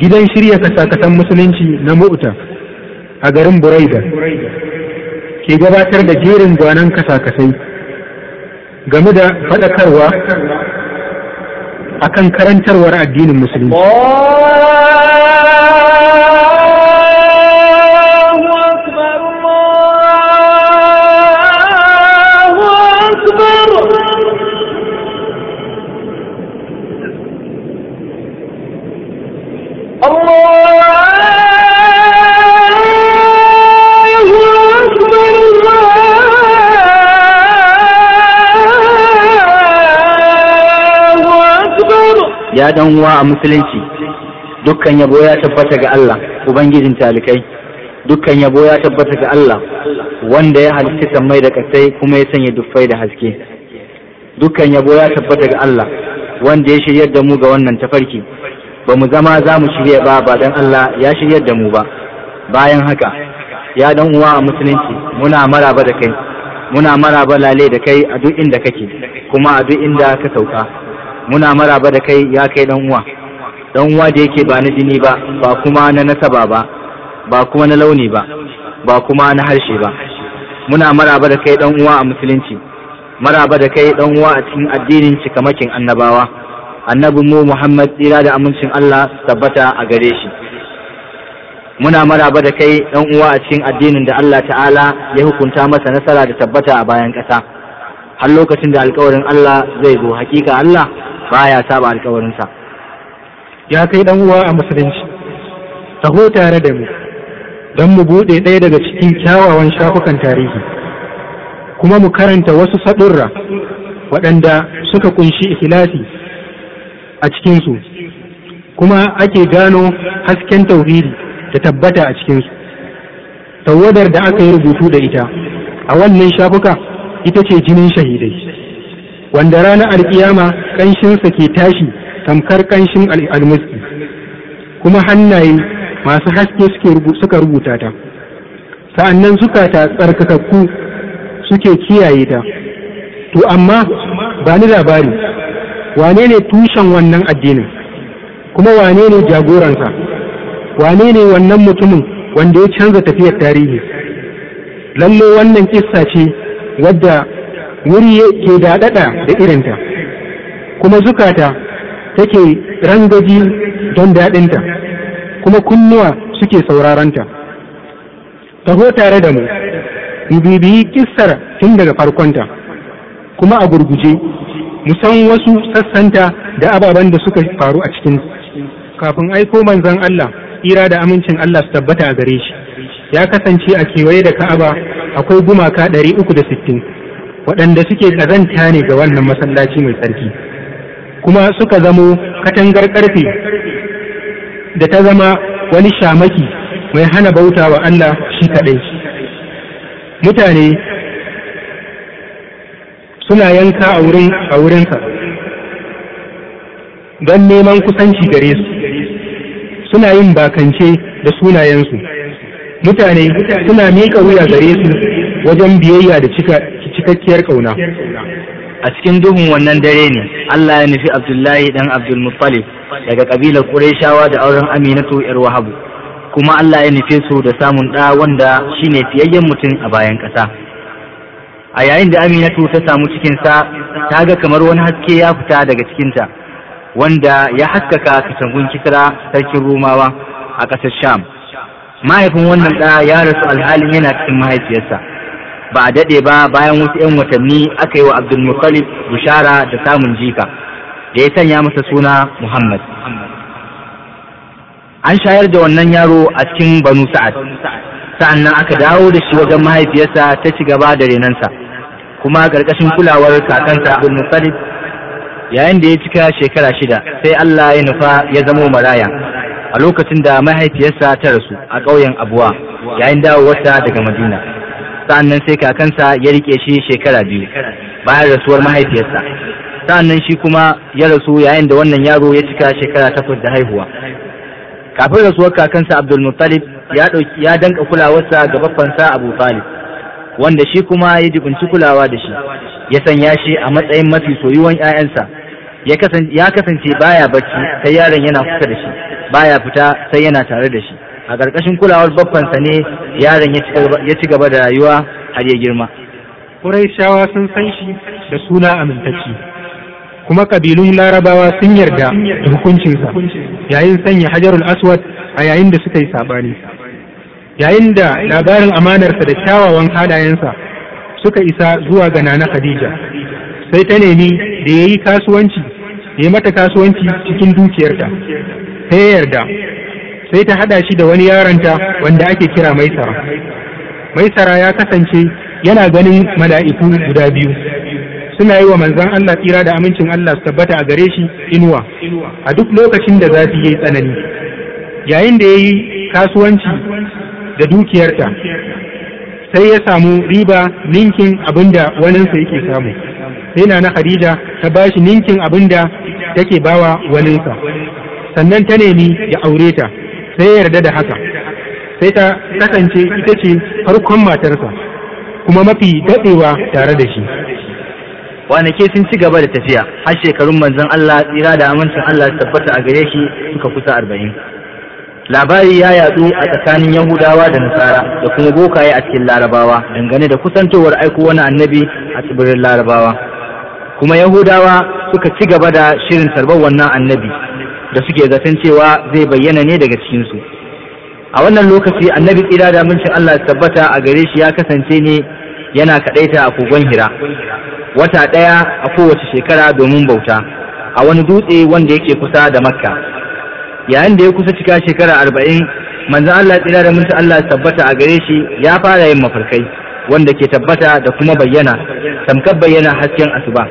gidan shirya kasakasan musulunci na mu'uta a garin buraida ke gabatar da jerin gwanan kasakasai game da faɗakarwa kan karantarwar addinin musulunci ya dan uwa a musulunci dukkan yabo ya tabbata ga Allah ubangijin talikai dukkan yabo ya tabbata ga Allah wanda ya halitta sammai da kasai kuma ya sanya duffai da haske dukkan yabo ya tabbata ga Allah wanda ya shiryar da mu ga wannan tafarki ba mu zama za mu shirya ba ba dan Allah ya shiryar da mu ba bayan haka ya dan uwa a musulunci muna maraba da kai muna maraba lale da kai a duk inda kake kuma a duk inda ka sauka muna maraba da kai ya kai dan uwa dan uwa da yake ba na jini ba ba kuma na nasaba ba ba kuma na launi ba ba kuma na harshe ba muna maraba da kai dan uwa a musulunci maraba da kai dan uwa a cikin addinin cikamakin annabawa annabin mu Muhammad tsira da amincin Allah tabbata a gare shi muna maraba da kai dan uwa a cikin addinin da Allah ta'ala ya hukunta masa nasara da tabbata a bayan ƙasa har lokacin da alkawarin Allah zai zo hakika Allah baya saba alkawarinsa ya kai dan uwa a musulunci taho tare da mu don mu buɗe ɗaya daga cikin kyawawan shafukan tarihi kuma mu karanta wasu saɗurra waɗanda suka kunshi ikhlasi a cikinsu kuma ake gano hasken tauhidi da tabbata a cikinsu tawadar da aka yi rubutu da ita a wannan shafuka ita ce jinin shahidai wanda ranar alkiyama ƙanshinsa ke tashi tamkar ƙanshin almiski kuma hannaye masu haske suka rubuta ta sa'annan ta tsarkakakku suke kiyaye ta to amma ba ni labari wane ne tushen wannan addinin kuma wane ne jagoransa wane ne wannan mutumin wanda ya canza tafiyar tarihi Lallo wannan kissa ce wadda wuri ke daɗaɗa da irinta kuma zukata take rangaji don daɗinta kuma kunnuwa suke sauraranta taho tare da mu mu bibiyi kissar tun daga farkonta kuma a gurguje mu san wasu sassanta da ababen da suka faru a cikin kafin aiko manzon Allah ira da amincin Allah su tabbata a gare shi ya kasance a kewaye da Ka'aba akwai gumaka ɗari uku da sittin. waɗanda suke ƙazanta ne ga wannan masallaci mai tsarki kuma suka zamo katangar ƙarfe da ta zama wani shamaki mai hana bauta wa Allah shi kaɗai mutane suna yanka a wurinsa don neman kusanci gare su suna yin bakance da sunayensu mutane suna miƙa wuya gare su wajen biyayya da cika cikakkiyar kauna a cikin duhun wannan dare ne Allah ya nufi Abdullahi dan Abdul Muttalib daga kabilar Qurayshawa da auren Aminatu yar Wahabu kuma Allah ya nufi su da samun ɗa wanda shine fiyayyen mutum a bayan ƙasa a yayin da Aminatu ta samu cikinsa ta ga kamar wani haske ya fita daga cikin ta wanda ya haskaka katangun Kisra sarkin Rumawa a ƙasar Sham mahaifin wannan ɗa ya rasu alhalin yana cikin mahaifiyarsa ba a daɗe ba bayan wasu 'yan watanni aka yi wa abdulmuttalib Bushara da samun jika da ya sanya masa suna muhammad an shayar da wannan yaro a cikin banu sa'ad sa'an nan aka dawo da shi wajen mahaifiyarsa ta ci gaba da renansa kuma ƙarƙashin kulawar kakansa abdulmuttalib yayin da ya cika shekara shida sai allah ya nufa ya zamo maraya a lokacin da mahaifiyarsa ta rasu a ƙauyen abuwa yayin dawowarsa daga madina sa'annan sai kakansa ya rike shi shekara biyu bayan rasuwar mahaifiyarsa sa'annan shi kuma ya rasu yayin da wannan yaro ya cika shekara takwas da haihuwa kafin rasuwar kakansa abdul ya dauki danka kulawarsa ga baffansa abu talib wanda shi kuma ya jibinci kulawa da shi ya sanya shi a matsayin mafi soyuwan 'ya'yansa ya kasance baya barci sai yaron yana kusa da shi baya fita sai yana tare da shi a ƙarƙashin kulawar sa ne yaron ya ci gaba da rayuwa har ya girma Qurayshawa sun san shi da suna amintacci kuma ƙabilun larabawa sun yarda da hukuncinsa yayin sanya hajarul aswad a yayin da suka yi saɓani yayin da labarin amanarsa da kyawawan halayensa suka isa zuwa ga nana khadija sai ta nemi da ya yi kasuwanci ya mata kasuwanci cikin dukiyarta ta yarda sai ta haɗa shi da wani yaronta wanda ake kira maisara maisara ya kasance yana ganin mala'iku guda biyu suna yi wa manzan Allah tsira da amincin Allah su tabbata a gare shi inuwa a duk lokacin da zafi ya yi tsanani yayin da ya yi kasuwanci da dukiyarta sai ya samu riba ninkin abin da waninsa yake samu sai na na Khadija ta ba shi ninkin abin da take bawa waninsa sannan ta nemi ya aure ta sai ya yarda da haka sai ta kasance ita ce farkon matarsa kuma mafi daɗewa tare da shi kwanake sun ci gaba da tafiya har shekarun manzon Allah tsira da amincin Allah tabbata a gare shi suka kusa arba'in labari ya yatsu a tsakanin yahudawa da nasara da kuma bokaye a cikin larabawa dangane da kusantowar aiko wani annabi a tsibirin larabawa kuma yahudawa suka ci gaba da shirin tarbar wannan annabi da suke zaton cewa zai bayyana ne daga cikinsu a wannan lokaci annabi tsira da mulkin Allah tabbata a gare shi ya kasance ne yana kaɗaita a kogon hira wata ɗaya a kowace shekara domin bauta a wani dutse wanda yake kusa da makka yayin da ya kusa cika shekara arba'in manzan Allah tsira da mulkin Allah tabbata a gare shi ya fara yin mafarkai wanda ke tabbata da kuma bayyana tamkar bayyana hasken asuba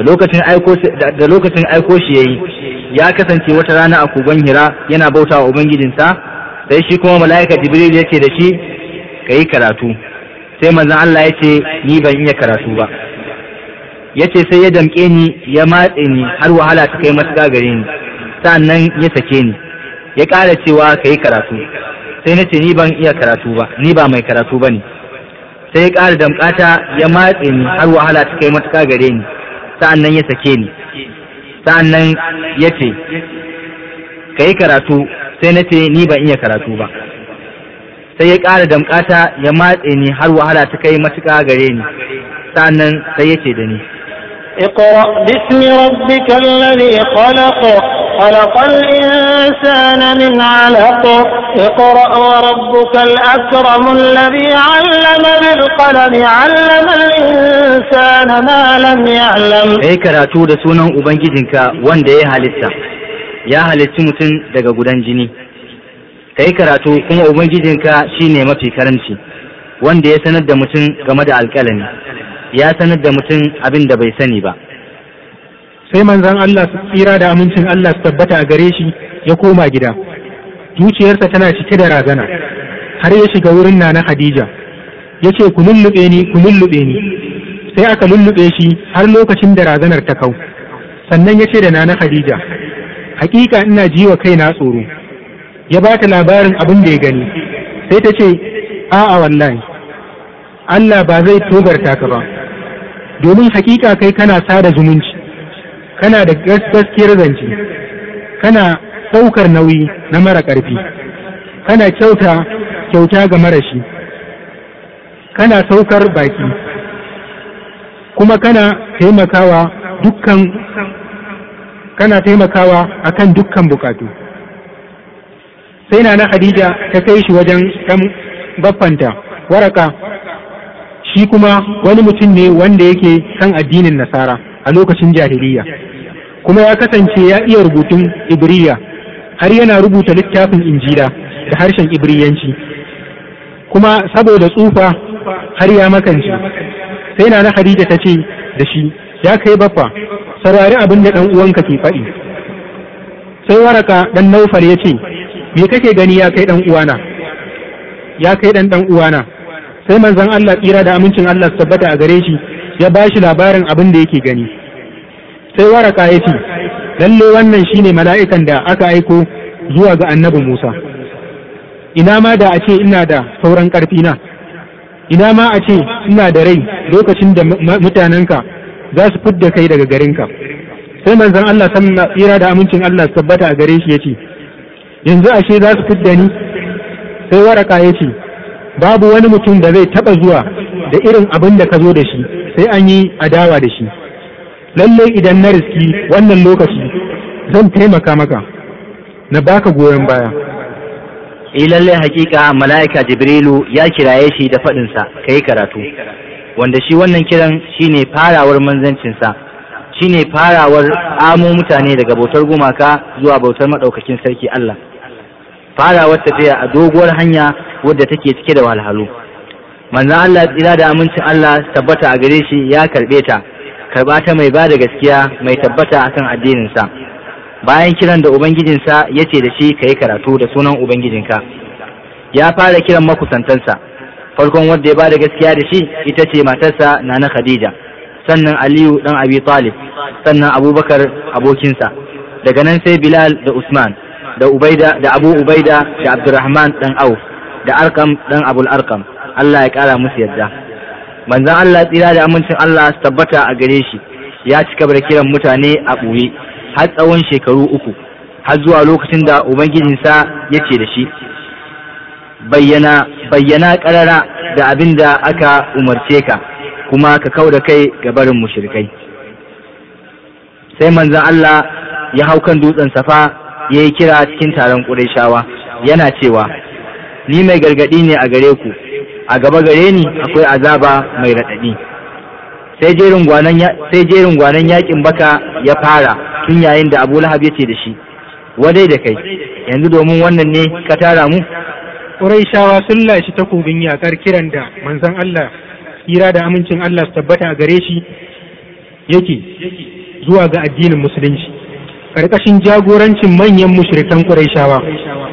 da lokacin aiko shi yayi ya kasance wata rana a kogon hira yana bauta wa ubangijinsa sai shi kuma mala'ika jibril ya ce da shi ka yi karatu sai manzon Allah ya ce ni ban iya karatu ba ya ce sai ya damƙe ni ya matse ni har wahala ta kai matuƙa gare ni nan ya sake ni ya ƙara cewa ka yi karatu sai na ce ni ban iya karatu ba ni ba mai karatu ba ne sai ya ƙara damƙata ya matse ni har wahala ta kai matuƙa gare ni sa'an nan ya sake ni Sannan ya ce ka yi karatu sai na ce ni ban iya karatu ba sai ya ƙara damƙata ya matse ni har wahala ta kai matuƙa gare ni Sannan sai ya ce da ni اقرأ bismi ربك الذي خلق خلق الإنسان من علق اقرأ وربك الأكرم الذي علم بالقلم علم الإنسان ما لم يعلم أي كراتو da sunan Ubangijinka wanda ya halitta ya halitti mutum daga gudan jini kai karatu kuma ubangijinka shine mafi karanci wanda ya sanar da mutum game da alƙalami ya sanar da mutum abin da bai sani ba sai manzan Allah su tsira da amincin Allah su tabbata a gare shi ya koma gida zuciyarsa tana cike da razana har ya shiga wurin nana hadija ya ce ku lullube ni ku lullube ni sai aka lullube shi har lokacin da razanar ta kau sannan ya ce da nana hadija hakika ina ji wa kaina tsoro ya ba ta labarin abin da ya gani sai ta ce a'a wallahi Allah ba zai togarta ka ba domin hakika kai kana sada zumunci kana da gaskiyar zance kana saukar nauyi na mara ƙarfi kana kyauta kyauta ga marashi kana saukar baki kuma kana taimakawa dukkan kana taimakawa akan dukkan bukatu sai na na ta kai shi wajen ɗan baffanta waraka shi kuma wani mutum ne wanda yake kan addinin nasara a lokacin jahiliya kuma ya kasance ya iya rubutun Ibiriya, har yana rubuta littafin injila da harshen Ibiriyanci. kuma saboda tsufa har ya makance sai na na Khadija ta ce da shi ya kai baffa saurari abin da ɗan uwanka ke faɗi sai waraka ɗan naufar ya ce me kake gani ya kai ɗan uwana ya kai ɗan ɗan uwana sai manzon Allah tsira da amincin Allah su tabbata a gare shi ya ba shi labarin abin da yake gani sai waraka ya ce lalle wannan shine mala'ikan da aka aiko zuwa ga annabi Musa ina ma da a ce ina da sauran ƙarfi na ina ma a ce ina da rai lokacin da mutanenka za su fidda kai daga garinka sai manzon Allah tsira da amincin Allah su tabbata a gare shi ya ce yanzu ashe za su fidda ni sai waraka ya ce babu wani mutum da zai taba zuwa da irin abin da ka zo da shi sai an yi adawa da shi lallai idan na riski wannan lokaci zan taimaka maka na baka goyon baya eh lallai hakika mala'ika jibrilu ya kiraye shi da faɗinsa sa kai karatu wanda shi wannan kiran shine farawar manzancinsa shine farawar amo mutane daga bautar gumaka zuwa bautar maɗaukakin sarki Allah farawar tafiya a doguwar hanya wadda take cike da walhalu manzon Allah tsira da amincin Allah tabbata a gare shi ya karbe ta karba ta mai ba da gaskiya mai tabbata akan addininsa bayan kiran da ubangijinsa ya ce da shi ka yi karatu da sunan ubangijinka ya fara kiran makusantansa farkon wanda ya ba da gaskiya da shi ita ce matarsa nana khadija sannan aliyu dan abi talib sannan abubakar abokinsa daga nan sai bilal da usman da ubaida da abu ubaida da abdurrahman dan auf da arkam dan abul arkam Allah ya kara musu yadda manzon Allah tsira da amincin Allah su tabbata a gare shi ya cika da kiran mutane a ɓoye har tsawon shekaru uku har zuwa lokacin da ubangijinsa ya ce da shi bayyana bayyana karara da abin da aka umarce ka kuma ka kau kai ga barin mushrikai sai manzon Allah ya hau kan dutsen safa ya yi kira cikin taron ƙurayshawa yana cewa ni mai gargaɗi ne a gare ku a gaba gare ni akwai azaba mai raɗaɗi sai jerin gwanon yakin baka ya fara tun yayin da abu lahab ya ce da shi wadai da kai yanzu domin wannan ne ka tara mu shawa sun lashi takobin yakar kiran da manzon Allah hira da amincin Allah su tabbata a gare shi yake zuwa ga addinin musulunci karkashin jagorancin manyan mushrikan Qurayshawa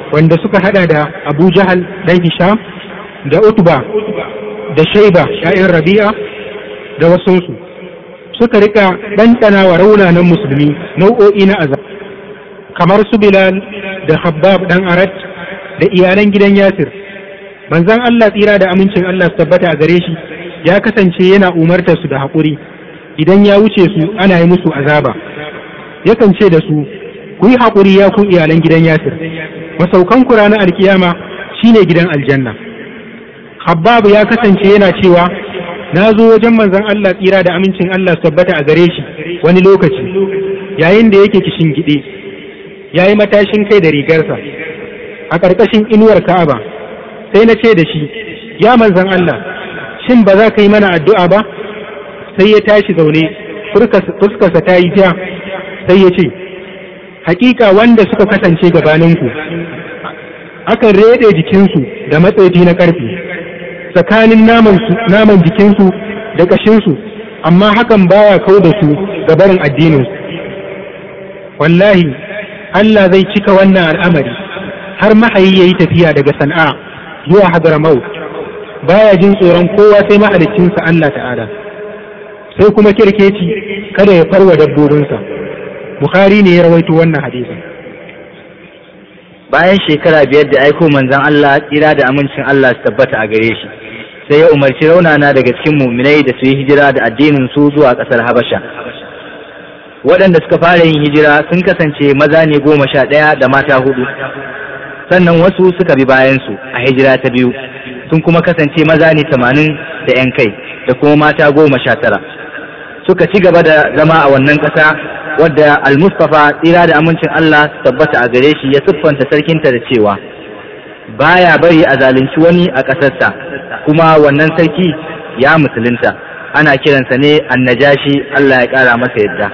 wanda suka hada da Abu Jahal dan Hisham da Utba da Shaiba ya'yan Rabi'a da wasunsu suka rika ɗanɗana wa raunanan musulmi nau'o'i na azab kamar su Bilal da Habbab ɗan Arat da iyalan gidan Yasir manzon Allah tsira da amincin Allah su tabbata a gare shi ya kasance yana umartar su da haƙuri idan ya wuce su ana yi musu azaba yakan ce da su ku yi haƙuri ya kun iyalan gidan yasir masaukan ku ranar alkiyama shine gidan aljanna habbabu ya kasance yana cewa na zo wajen manzon Allah tsira da amincin Allah su tabbata a gare shi wani lokaci yayin da yake kishin gide ya yi matashin kai da rigarsa a ƙarƙashin inuwar ka'aba sai na ce da shi ya manzan Allah shin ba za ka yi mana addu'a ba sai ya tashi zaune fuskarsa ta yi ja sai ya ce hakika wanda suka kasance gabaninku akan rede jikinsu da matsayi na ƙarfi, tsakanin naman jikinsu da ƙashinsu amma hakan baya kau da su ga barin addininsu wallahi Allah zai cika wannan al'amari har mahayi ya yi tafiya daga sana'a zuwa hadramaut baya jin tsoron kowa sai mahalicinsa Allah ta'ala sai kuma kirkeci kada ya farwa dabbobinsa bukhari ne ya rawaito wannan hadisin bayan shekara biyar da aiko manzon Allah kira da amincin Allah su tabbata a gare shi sai ya umarci raunana daga cikin muminai da su yi hijira da addinin su zuwa ƙasar Habasha waɗanda suka fara yin hijira sun kasance maza ne goma sha ɗaya da mata hudu sannan wasu suka bi bayansu a hijira ta biyu sun kuma kasance maza ne tamanin da 'yan kai da kuma mata goma sha tara suka ci gaba da zama a wannan ƙasa wadda al-mustafa tsira da amincin Allah su tabbata a gare shi ya siffanta sarkinta da cewa baya bari a zalunci wani a ƙasarsa kuma wannan sarki ya musulunta ana kiransa ne annajashi Allah ya ƙara masa yadda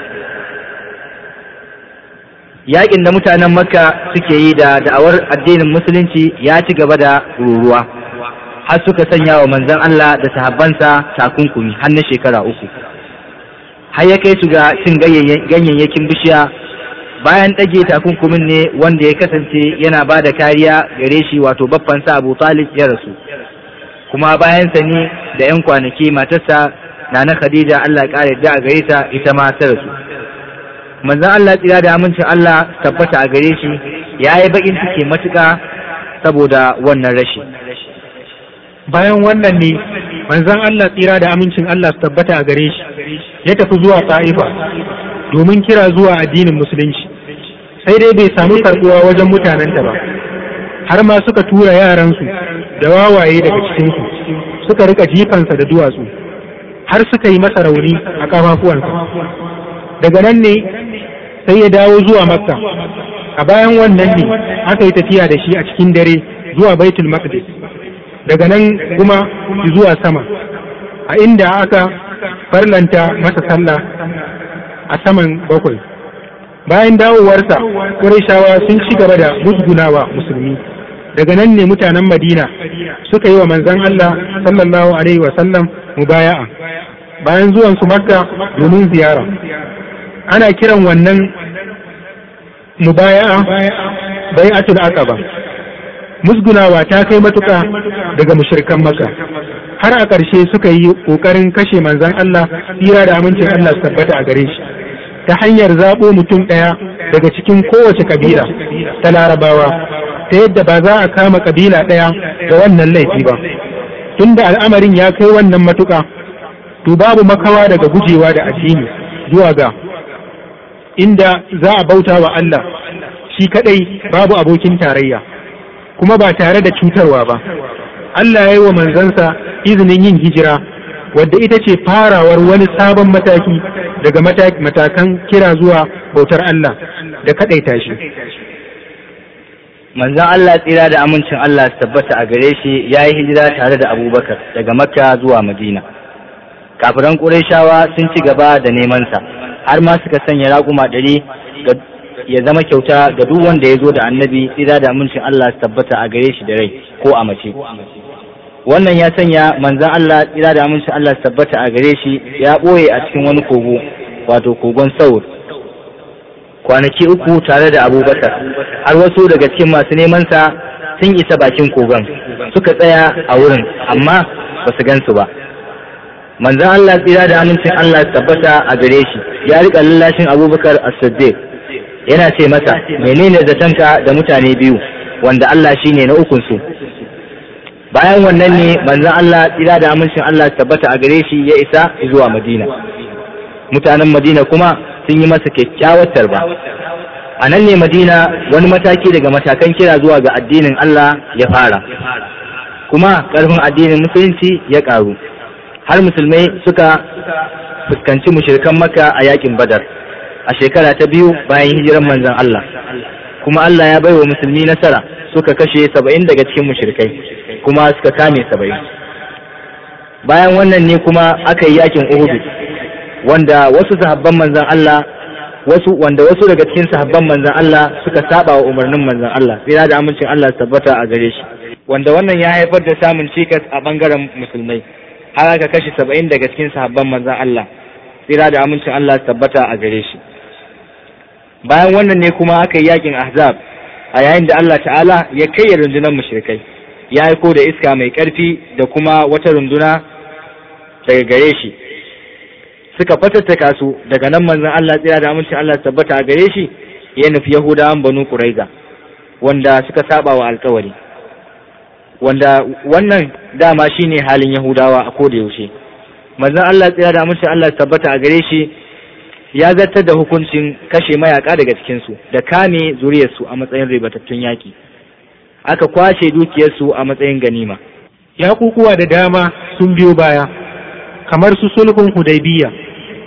yaƙin da mutanen makka suke yi da da'awar addinin musulunci ya ci gaba da ruruwa har suka sanya wa manzan Allah da sahabbansa takunkumi har na shekara uku har ya kai su ga cin ganyayyakin bishiya bayan ɗage takunkumin ne wanda ya kasance yana ba da kariya gare shi wato baffansa abu talib ya rasu kuma bayan sani da 'yan kwanaki matarsa na na khadija allah ƙara da a gare ta ita ma ta rasu manzan allah tsira da amincin allah tabbata a gare shi ya yi baƙin ciki matuƙa saboda wannan rashi bayan wannan ne manzon Allah tsira da amincin Allah su tabbata a gare shi ya tafi zuwa ta'ifa domin kira zuwa addinin musulunci sai dai bai samu karɓuwa wajen mutanenta ba har ma suka tura yaransu da wawaye daga cikinsu suka rika jifansa da duwatsu har suka yi masa rauni a kafafuwansa daga nan ne sai ya dawo zuwa makka a bayan wannan ne aka yi tafiya da shi a cikin dare zuwa baitul maqdis daga nan kuma zuwa sama a inda aka farlanta masa sallah a saman bakwai bayan dawowarsa ƙurashawa sun ci gaba da musgunawa musulmi daga nan ne mutanen madina suka yi wa manzan allah sallallahu alaihi wasallam mubaya'a bayan zuwansu makka domin ziyara ana kiran wannan mubaya'a bai aqaba musgunawa ta kai matuka daga mushrikan maka har a ƙarshe suka yi ƙoƙarin kashe manzan Allah tsira da amincin Allah su tabbata a gare shi ta hanyar zaɓo mutum ɗaya daga cikin kowace kabila ta larabawa ta yadda ba za a kama kabila ɗaya ga wannan laifi ba tunda al'amarin ya kai wannan matuka to babu makawa daga gujewa da addini zuwa ga inda za a bauta wa Allah shi kaɗai babu abokin tarayya kuma ba tare da cutarwa ba Allah ya yi wa manzansa izinin yin hijira wadda ita ce farawar wani sabon mataki daga matakan kira zuwa bautar Allah da kaɗaita shi manzan Allah tsira da amincin Allah su tabbata a gare shi ya yi hijira tare da abubakar daga makka zuwa madina kafiran ƙurashawa sun ci gaba da nemansa har ma suka sanya raƙuma ɗari ya zama kyauta ga duk wanda ya zo da annabi tsira da amincin Allah su tabbata a gare shi da rai ko a mace wannan ya sanya manzan Allah tsira da amincin Allah su tabbata a gare shi ya ɓoye a cikin wani kogo wato kogon saur kwanaki uku tare da abubakar har wasu daga cikin masu neman sa sun isa bakin kogon suka tsaya a wurin amma ba su gansu ba manzan Allah tsira da amincin Allah su tabbata a gare shi ya riƙa lallashin abubakar as-siddiq yana ce masa menene zatonka da mutane biyu wanda Allah shine na ukunsu? bayan wannan ne manzon Allah tsira da amincin Allah tabbata a gare shi ya isa zuwa Madina mutanen Madina kuma sun yi masa kyakkyawar tarba a nan ne Madina wani mataki daga matakan kira zuwa ga addinin Allah ya fara kuma ƙarfin addinin musulunci ya ƙaru har musulmai suka fuskanci mushirikan maka a yakin badar a shekara ta biyu bayan hijiran manzon Allah kuma Allah ya baiwa musulmi nasara suka kashe saba'in daga cikin mushrikai kuma suka kame saba'in bayan wannan ne kuma aka yi yakin Uhud wanda wasu sahabban manzon Allah wasu wanda wasu daga cikin sahabban manzon Allah suka saba wa umarnin manzon Allah tsira da amincin Allah tabbata a gare shi wanda wannan ya haifar da samun cikas a bangaren musulmai har aka kashe saba'in daga cikin sahabban manzon Allah tsira da amincin Allah tabbata a gare shi bayan wannan ne kuma aka yi yakin ahzab a yayin da Allah ta'ala ya kai rundunar mushrikai ya aiko da iska mai karfi da kuma wata runduna daga gare shi suka fatattaka su daga nan manzon Allah tsira da amincin Allah tabbata a gare shi ya nufi Yahudawan Banu Quraiza wanda suka saba wa alkawari wanda wannan dama shine halin Yahudawa a koda yaushe manzon Allah tsira da amincin Allah tabbata a gare shi ya zartar da hukuncin kashe mayaka daga cikinsu da kame zuriyarsu a matsayin ribatattun yaƙi aka kwashe dukiyarsu a matsayin ganima yakukuwa da dama sun biyo baya kamar su sulhun hudaybiya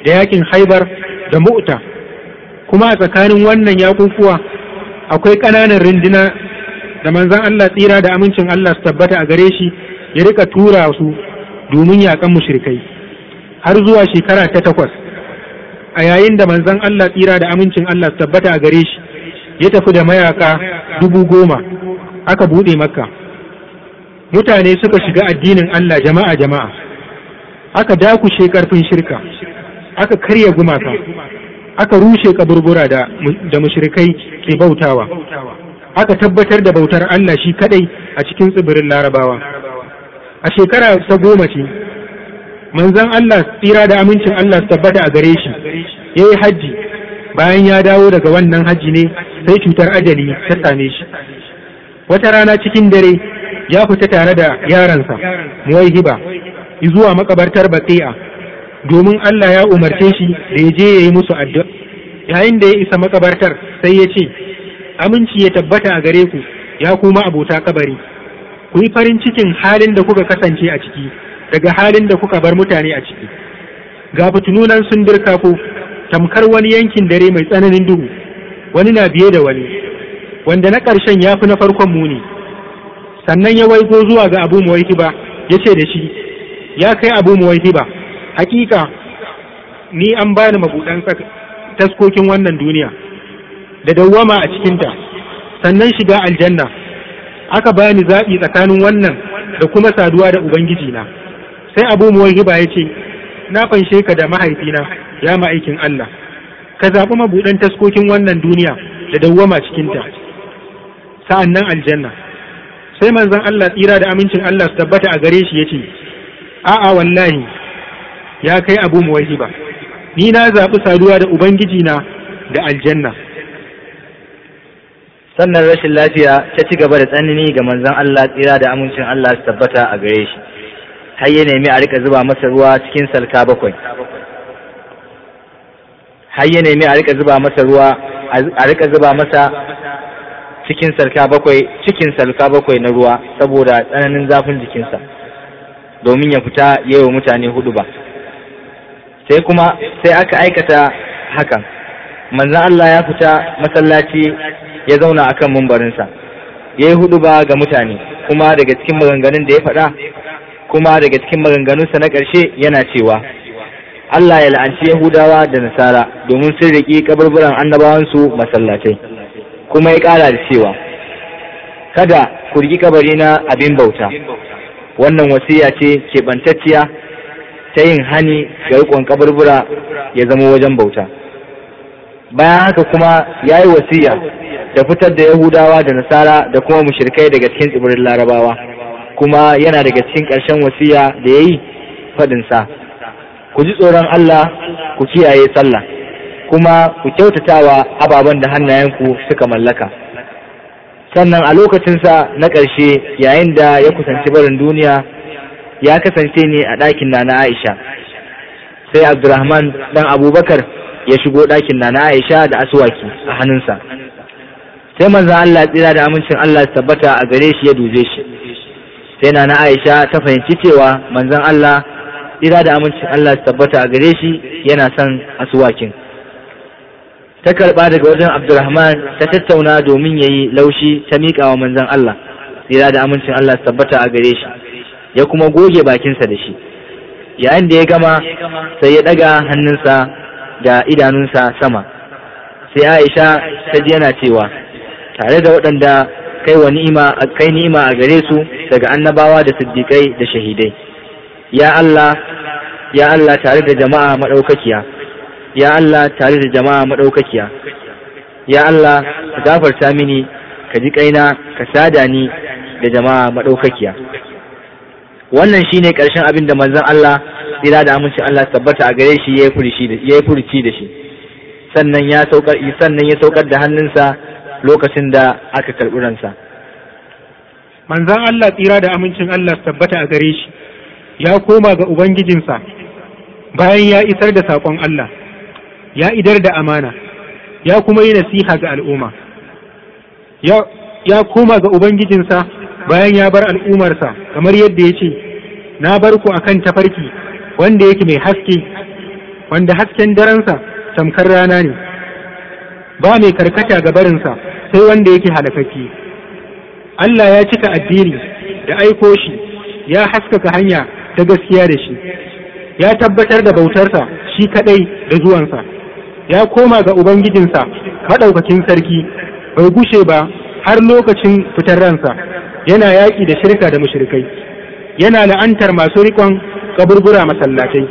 da yakin haibar da mu'ta kuma a tsakanin wannan yakukuwa akwai ƙananan rinduna da manzan Allah tsira da amincin Allah su tabbata a gare shi ya rika tura su domin yaƙan mushrikai har zuwa shekara ta takwas a yayin da manzon Allah tsira da amincin Allah tabbata a gare shi ya tafi da mayaka dubu goma aka buɗe makka mutane suka shiga addinin Allah jama'a jama'a aka dakushe karfin shirka aka karya gumaka aka rushe kaburbura da da ke bautawa aka tabbatar da bautar Allah shi kadai a cikin tsibirin Larabawa a shekara ta goma ce manzon Allah tsira da amincin Allah tabbata a gare shi ya yi hajji, bayan ya dawo daga wannan hajji ne sai cutar ajali ta same shi wata rana cikin dare ya fita tare da yaransa hiba zuwa makabartar baqi'a domin Allah ya umarce shi da ya je ya yi musu addu'a yayin da ya isa makabartar sai ya ce aminci ya tabbata a gare ku ya kuma abota kabari ku yi farin cikin halin da kuka kasance a ciki daga halin da kuka bar mutane a ciki ga fitununan sun dirka ku tamkar wani yankin dare mai tsananin duhu wani na biye da wani wanda na ƙarshen ya fi na farkon muni sannan ya waigo zuwa ga abu muwaihiba ya ce da shi ya kai abu muwaihiba hakika ni an bani mabuɗan taskokin wannan duniya da dawwama a cikinta sannan shiga aljanna aka bani zaɓi tsakanin wannan da kuma saduwa da ubangijina sai abu muwaihiba ya ce na fanshe ka da mahaifina ya ma'aikin Allah ka zaɓi mabuɗan taskokin wannan duniya da dawwama cikinta sa'an nan aljanna sai manzon Allah tsira da amincin Allah su tabbata a gare shi ya ce a'a wallahi ya kai abu hiba ni na zaɓi saduwa da ubangiji na da aljanna sannan rashin lafiya ta ci gaba da tsanani ga manzon Allah tsira da amincin Allah su tabbata a gare shi har ya nemi a rika zuba masa ruwa cikin salka bakwai har ya nemi a rika zuba masa ruwa a rika zuba masa cikin salka bakwai cikin salka bakwai na ruwa saboda tsananin zafin jikinsa domin ya fita ya wa mutane hudu ba sai kuma sai aka aikata hakan manzan Allah ya fita masallaci ya zauna akan mumbarinsa ya yi hudu ba ga mutane kuma daga cikin maganganun da ya faɗa kuma daga cikin maganganunsa na ƙarshe yana cewa Allah ya la'anci Yahudawa da Nasara domin sun riƙi kaburburan annabawansu masallatai kuma ya ƙara da cewa kada ku riƙi kabari na abin bauta wannan wasiya ce keɓantacciya ta yin hani ga riƙon kaburbura ya zama wajen bauta bayan haka kuma ya yi wasiya da fitar da Yahudawa da Nasara da kuma mushirikai daga cikin tsibirin Larabawa kuma yana daga cikin ƙarshen wasiya da ya yi faɗinsa ku ji tsoron Allah ku kiyaye sallah kuma ku kyautatawa ababen da hannayenku suka mallaka sannan a lokacinsa na ƙarshe yayin da ya kusanci barin duniya ya kasance ne a ɗakin na Aisha sai Abdurrahman dan Abubakar ya shigo ɗakin nana Aisha da asuwaki a hannunsa sai manzan Allah tsira da amincin Allah tabbata a gare shi ya duje shi sai na na Aisha ta fahimci cewa manzon Allah ira da amincin Allah su tabbata a gare shi yana son asuwakin ta karɓa daga wajen Abdulrahman ta tattauna domin yayi laushi ta miƙa wa manzon Allah ira da amincin Allah su tabbata a gare shi ya kuma goge bakinsa da shi yayin da ya gama sai ya ɗaga hannunsa da idanunsa sama sai Aisha ta ji yana cewa tare da waɗanda kai wa ni'ima kai ni'ima a gare su daga annabawa da siddiqai da shahidai ya Allah ya Allah tare da jama'a madaukakiya ya Allah tare da jama'a madaukakiya ya Allah ka gafarta mini ka ji kaina ka sada ni da jama'a madaukakiya wannan shine karshen abin da manzon Allah tsira da amincin Allah tabbata a gare shi yayi furuci da shi sannan ya saukar sannan ya saukar da hannunsa lokacin da aka karɓi ransa manzan Allah tsira da amincin Allah tabbata a gare shi ya koma ga ubangijinsa bayan ya isar da saƙon Allah ya idar da amana ya kuma yi nasiha ga al'umma ya koma ga ubangijinsa bayan ya bar al'ummarsa kamar yadda ya ce na bar ku a kan tafarki wanda yake mai haske wanda hasken daransa tamkar rana ne ba mai karkata ga barinsa sai wanda yake halakaki Allah ya cika addini da aiko shi ya haskaka hanya ta gaskiya da shi ya tabbatar da bautarsa shi kaɗai da zuwansa ya koma ga ubangijinsa maɗaukakin sarki bai gushe ba har lokacin fitar ransa yana yaƙi da shirka da mushrikai yana la'antar masu riƙon ƙaburbura masallatai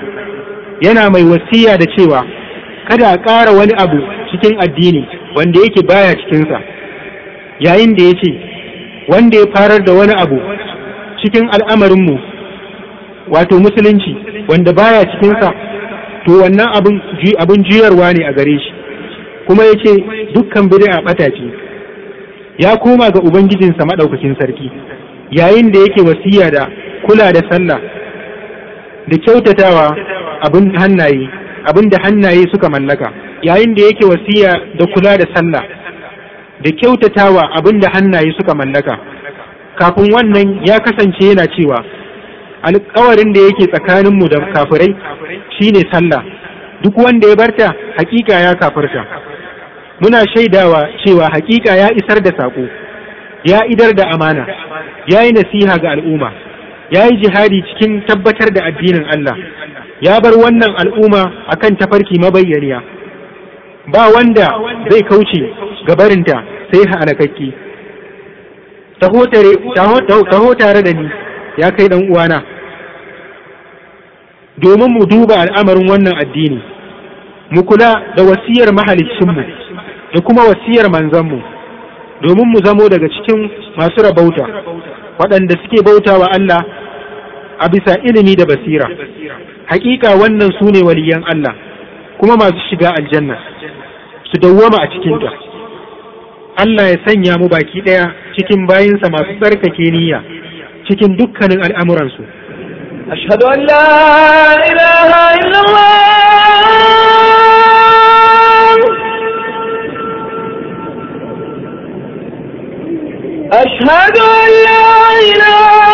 yana mai wasiya da cewa kada a ƙara wani abu cikin addini wanda yake baya cikinsa yayin da ya ce wanda ya farar da wani abu cikin al'amarinmu wato musulunci wanda baya cikinsa to wannan abin juyarwa ne a gare shi kuma ya ce dukkan bid'a ɓata ce ya koma ga ubangijinsa maɗaukakin sarki yayin da yake wasiya da kula da sallah da kyautatawa abin hannaye abin da hannaye suka mallaka yayin da yake wasiya da kula da sallah da kyautatawa abin da hannaye suka mallaka kafin wannan ya kasance yana cewa alƙawarin da yake tsakanin mu da kafirai shine sallah duk wanda ya barta hakika ya kafirta muna shaidawa cewa hakika ya isar da sako ya idar da amana ya yi nasiha ga al'umma ya yi jihadi cikin tabbatar da addinin Allah ya bar wannan al'umma a kan tafarki mabayyaniya ba wanda zai kauce gabarinta sai halakakki taho tare da ni ya kai ɗan uwana domin mu duba al'amarin wannan addini mu kula da wasiyar mahaliccinmu da kuma wasiyar manzanmu domin mu zamo daga cikin masu rabauta waɗanda suke bauta wa Allah a bisa ilimi da basira hakika wannan su ne waliyan Allah kuma masu shiga aljanna su dawwama a cikinta Allah ya sanya mu baki ɗaya cikin bayinsa masu tsarkake niyya cikin dukkanin al'amuransu ashhadu an la ilaha illallah ashhadu an la ilaha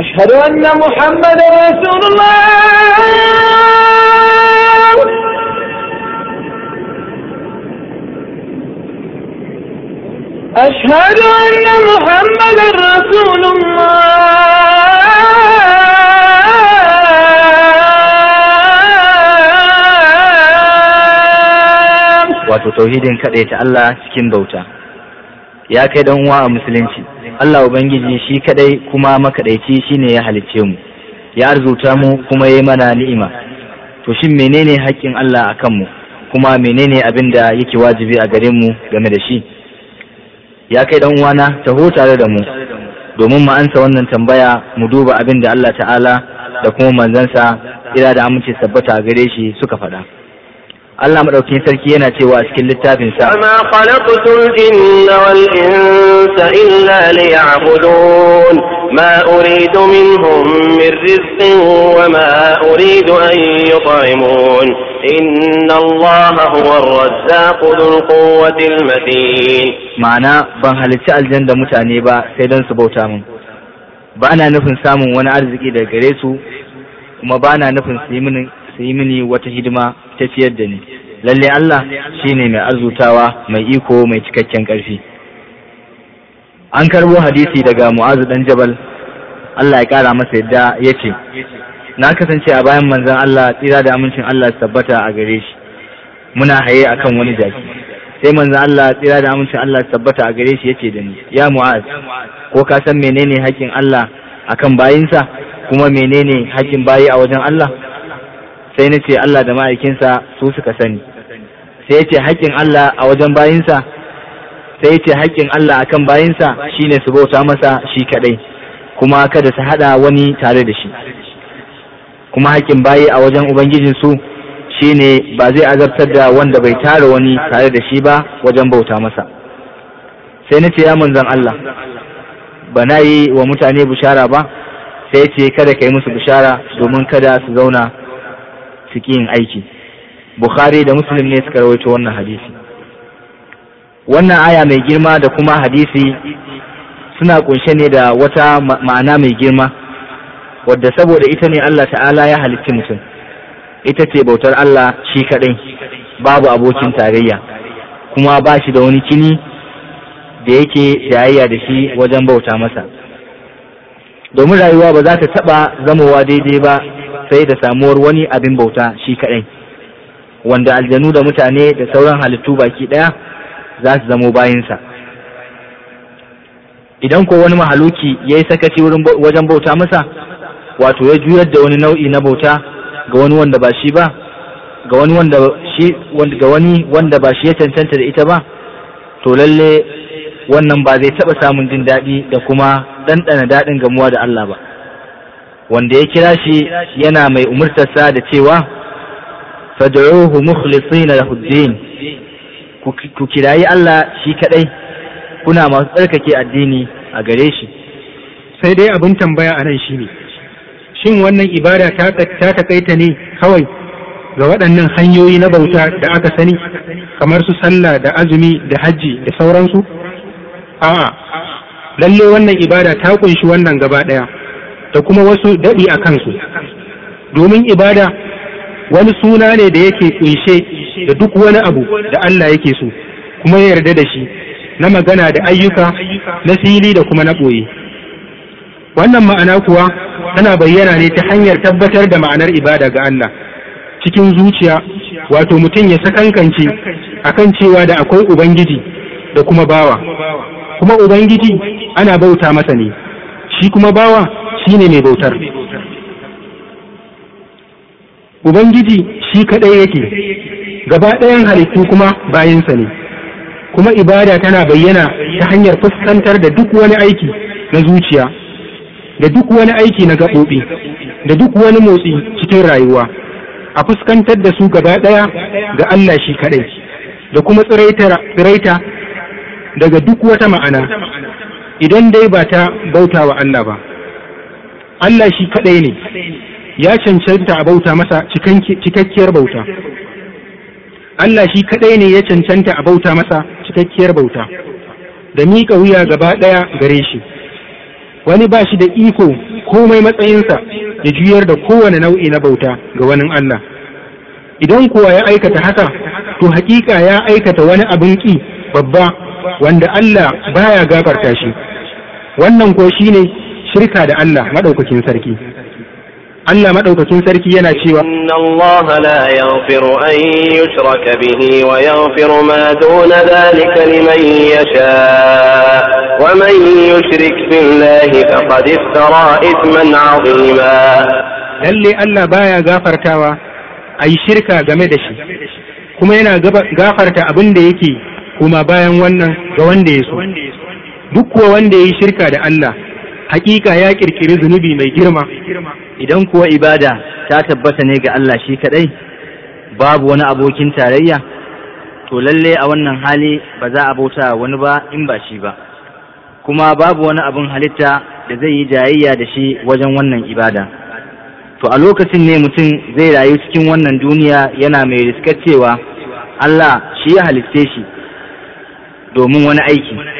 أشهد أن محمد رسول الله أشهد أن محمد رسول الله wato tauhidin kaɗai ta Allah بوتا ya kai dan uwa a musulunci Allah ubangiji shi kadai kuma makadaici shine ya halicce mu ya arzuta mu kuma yayi mana ni'ima to shin menene haƙƙin Allah akan mu kuma menene abin da yake wajibi a gare mu game da shi ya kai dan uwana taho tare da mu domin mu ansa wannan tambaya mu duba abin da Allah ta'ala da kuma manzansa ira da amince tabbata gare shi suka faɗa. Allah madaukakin sarki yana cewa a cikin littafin sa ma khalaqtul jinna wal insa illa liya'budun ma uridu minhum min rizqin wa ma uridu an yut'imun inna Allah huwa ar-razzaqu dhul quwwati matin ma'ana ban halicci aljanna mutane ba sai dan su bauta min ba ana nufin samun wani arziki daga gare su kuma ba na nufin su yi mini wata hidima tafiyar da ni lalle Allah shine mai arzutawa mai iko mai cikakken ƙarfi an karbo hadisi daga mu'azu dan jabal Allah ya kara masa yadda yace na kasance a bayan manzon Allah tsira da amincin Allah tabbata a gare shi muna haye akan wani jaki sai manzon Allah tsira da amincin Allah tabbata a gare shi yace da ni ya mu'az ko ka san menene hakkin Allah akan bayinsa kuma menene hakkin bayi a wajen Allah sai na ce Allah da ma'aikinsa su suka sani sai ya ce haƙƙin Allah a wajen bayinsa sai ya ce haƙƙin Allah a kan bayinsa shine su bauta masa shi kaɗai kuma kada su haɗa wani tare da shi kuma haƙƙin bayi a wajen ubangijinsu shine ba zai azabtar da wanda bai tara wani tare da shi ba wajen bauta masa sai na ce ya manzan Allah ba na yi wa mutane bishara ba sai ce kada ka yi musu bishara domin kada su zauna suke yin aiki bukhari da muslim ne suka rawaito wannan hadisi wannan aya mai girma da kuma hadisi suna kunshe ne da wata ma'ana mai girma wadda saboda ita ne Allah ta'ala ya halitti mutum ita ce bautar Allah shi kaɗai babu abokin tarayya kuma ba shi da wani kini da yake jayayya da shi wajen bauta masa domin rayuwa ba za ta taɓa zamowa daidai ba sai da samuwar wani abin bauta shi kaɗai wanda aljanu da mutane da sauran halittu baki ɗaya za su zamo bayinsa idan ko wani mahaluki ya yi sakaci wajen bauta masa wato ya juyar da wani nau'i na bauta ga wani wanda ba shi ba ga wani wanda shi ga wani wanda ba shi ya cancanta da ita ba to lalle wannan ba zai taɓa samun jin daɗi da kuma ɗanɗana daɗin gamuwa da Allah ba wanda ya kira shi yana mai umurtarsa da cewa fad'uhu mukhlisina lahuddin ku kirayi Allah shi kadai kuna masu tsarkake addini a gare shi sai dai abin tambaya a nan ne. shin wannan ibada ta ta takaita ne kawai ga waɗannan hanyoyi na bauta da aka sani kamar su sallah da azumi da hajji da sauransu a'a lalle wannan ibada ta kunshi wannan gaba ɗaya da kuma wasu daɗi a kansu domin ibada wani suna ne da yake ƙunshe da duk wani abu da Allah yake so kuma ya yarda da shi na magana da ayyuka na fili da kuma na ɓoye wannan ma'ana kuwa tana bayyana ne ta hanyar tabbatar da ma'anar ibada ga Allah cikin zuciya wato mutum ya sakankance akan cewa da akwai ubangiji da kuma bawa kuma ubangiji ana bauta masa ne shi kuma bawa shi ne mai bautar ubangiji shi kaɗai yake gaba ɗayan halittu kuma bayansa ne kuma ibada tana bayyana ta hanyar fuskantar da duk wani aiki na zuciya da duk wani aiki na gaɓoɓi da duk wani motsi cikin rayuwa a fuskantar da su gaba ɗaya ga Allah shi kaɗai da kuma tsiraita daga duk wata ma'ana idan dai ba ta bauta wa Allah ba Allah shi kaɗai ne ya cancanta a bauta masa cikakkiyar bauta Allah shi kaɗai ne ya cancanta a bauta masa cikakkiyar bauta da miƙa wuya gaba ɗaya gare shi wani ba shi da iko komai matsayinsa ya juyar da kowane nau'i na bauta ga wani Allah idan kuwa ya aikata haka to haƙiƙa ya aikata wani abin ƙi babba wanda Allah baya gafarta shi wannan ko shine shirka da Allah maɗaukakin sarki Allah maɗaukakin sarki yana cewa inna Allah la yaghfiru an yushraka bihi wa yaghfiru ma duna dhalika liman yasha wa man yushrik billahi faqad iftara ithman 'azima lalle Allah baya gafartawa ai shirka game da shi kuma yana gafarta abin da yake kuma bayan wannan ga wanda ya so duk wanda ya yi shirka da Allah hakika ya kirkiri zunubi mai girma idan kuwa ibada ta tabbata ne ga Allah shi kadai babu wani abokin tarayya to lalle a wannan hali ba za a bauta wani ba in ba shi ba kuma babu wani abun halitta da zai yi jayayya da shi wajen wannan ibada to a lokacin ne mutum zai rayu cikin wannan duniya yana mai riskar cewa Allah shi ya halitte shi domin wani aiki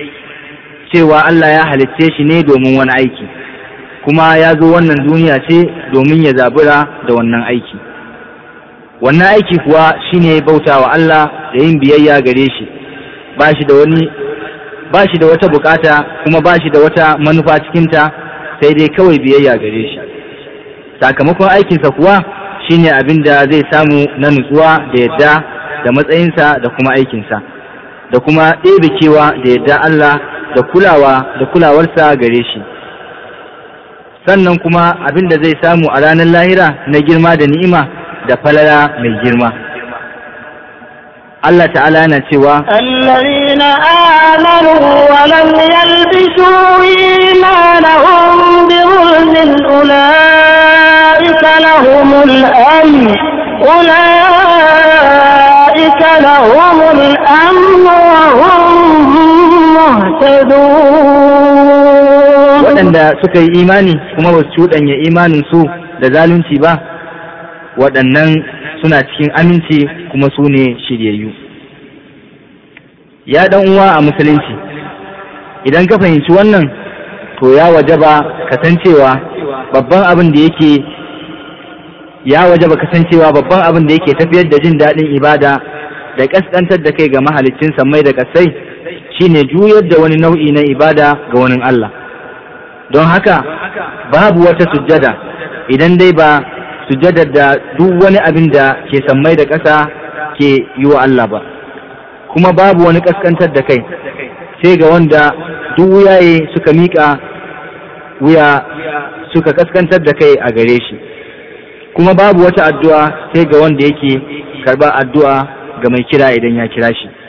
cewa Allah ya halicce shi ne domin wani aiki kuma ya zo wannan duniya ce domin ya zabura da wannan aiki wannan aiki kuwa shine bauta wa Allah da yin biyayya gare shi ba shi da wata bukata kuma ba shi da wata manufa cikinta sai dai kawai biyayya gare shi sakamakon aikinsa kuwa shine abin da zai samu na nutsuwa da yadda da matsayinsa da kuma aikinsa da kuma ɗebe kewa da yadda Allah da kulawa da kulawarsa gare shi sannan kuma abin da zai samu a ranar lahira na girma da ni'ima da falala mai girma Allah ta'ala yana cewa Allazina amanu wa lam yalbisu imanahum bi zulmin ulaika lahumul amn ulaika lahumul amn wa hum waɗanda suka yi imani kuma ba su cuɗanya imanin su da zalunci ba waɗannan suna cikin aminci kuma su ne shiryayyu ya dan uwa a musulunci idan ka fahimci wannan to ya wajaba kasancewa babban abin da yake ya wajaba kasancewa babban abin da yake tafiyar da jin daɗin ibada da ƙasƙantar da kai ga mahaliccinsa mai da ƙasai shine juyar da wani nau'i na ibada ga wani Allah don haka babu wata sujjada idan dai ba sujjada da duk wani abin da ke sammai da ƙasa ke yi wa Allah ba kuma babu wani ƙasƙantar da kai sai ga wanda duk wuyaye suka miƙa wuya suka ƙasƙantar da kai a gare shi kuma babu wata addu'a sai ga wanda yake karɓar addu'a ga mai kira idan ya kira shi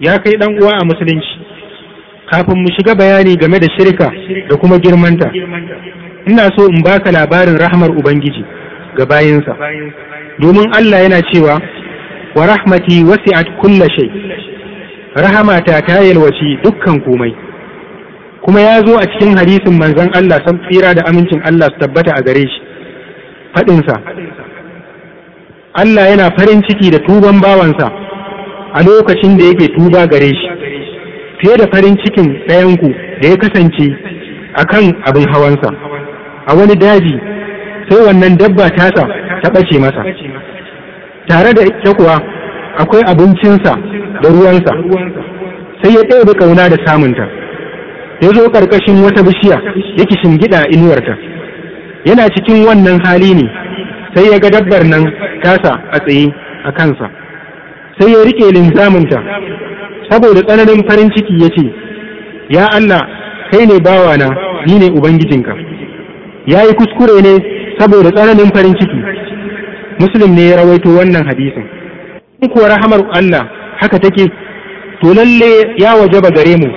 ya kai dan uwa a musulunci kafin mu shiga bayani game da shirka da kuma girmanta ina so in baka labarin rahmar ubangiji ga bayinsa domin Allah yana cewa wa rahmati wasi'at kulla shay rahamata ta yalwaci dukkan komai kuma ya zo a cikin hadisin manzon Allah san tsira da amincin Allah su tabbata a gare shi faɗinsa Allah yana farin ciki da tuban bawansa a lokacin da yake tuba gare shi fiye da farin cikin ɗayanku da ya kasance a kan abin hawansa a wani daji sai wannan dabba tasa ta ɓace masa tare da ita kuwa akwai abincinsa da ruwansa sai ya ɗaya ƙauna da samunta ya zo ƙarƙashin wata bishiya yake shingida inuwarta yana cikin wannan hali ne sai ya ga dabbar nan tasa a tsaye a kansa sai ya rike linzaminta saboda tsananin farin ciki ya ce ya Allah kai ne bawana ni ne ubangijinka ya yi kuskure ne saboda tsananin farin ciki muslim ne ya rawaito wannan hadisin in kuwa rahamar Allah haka take to lalle ya waje ba gare mu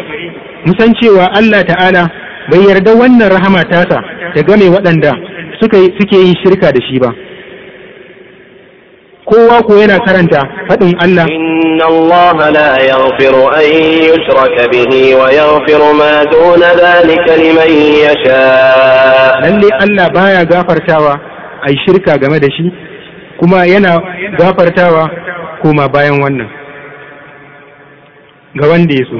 musan cewa Allah ta'ala bai yarda wannan rahama tasa ta game waɗanda suke yin shirka da shi ba kowa ko yana karanta faɗin Allah inna Allah la yaghfiru an yushraka bihi wa yaghfiru ma duna dhalika liman yasha lalle Allah baya gafartawa ai shirka game da shi kuma yana gafartawa koma bayan wannan ga wanda ya so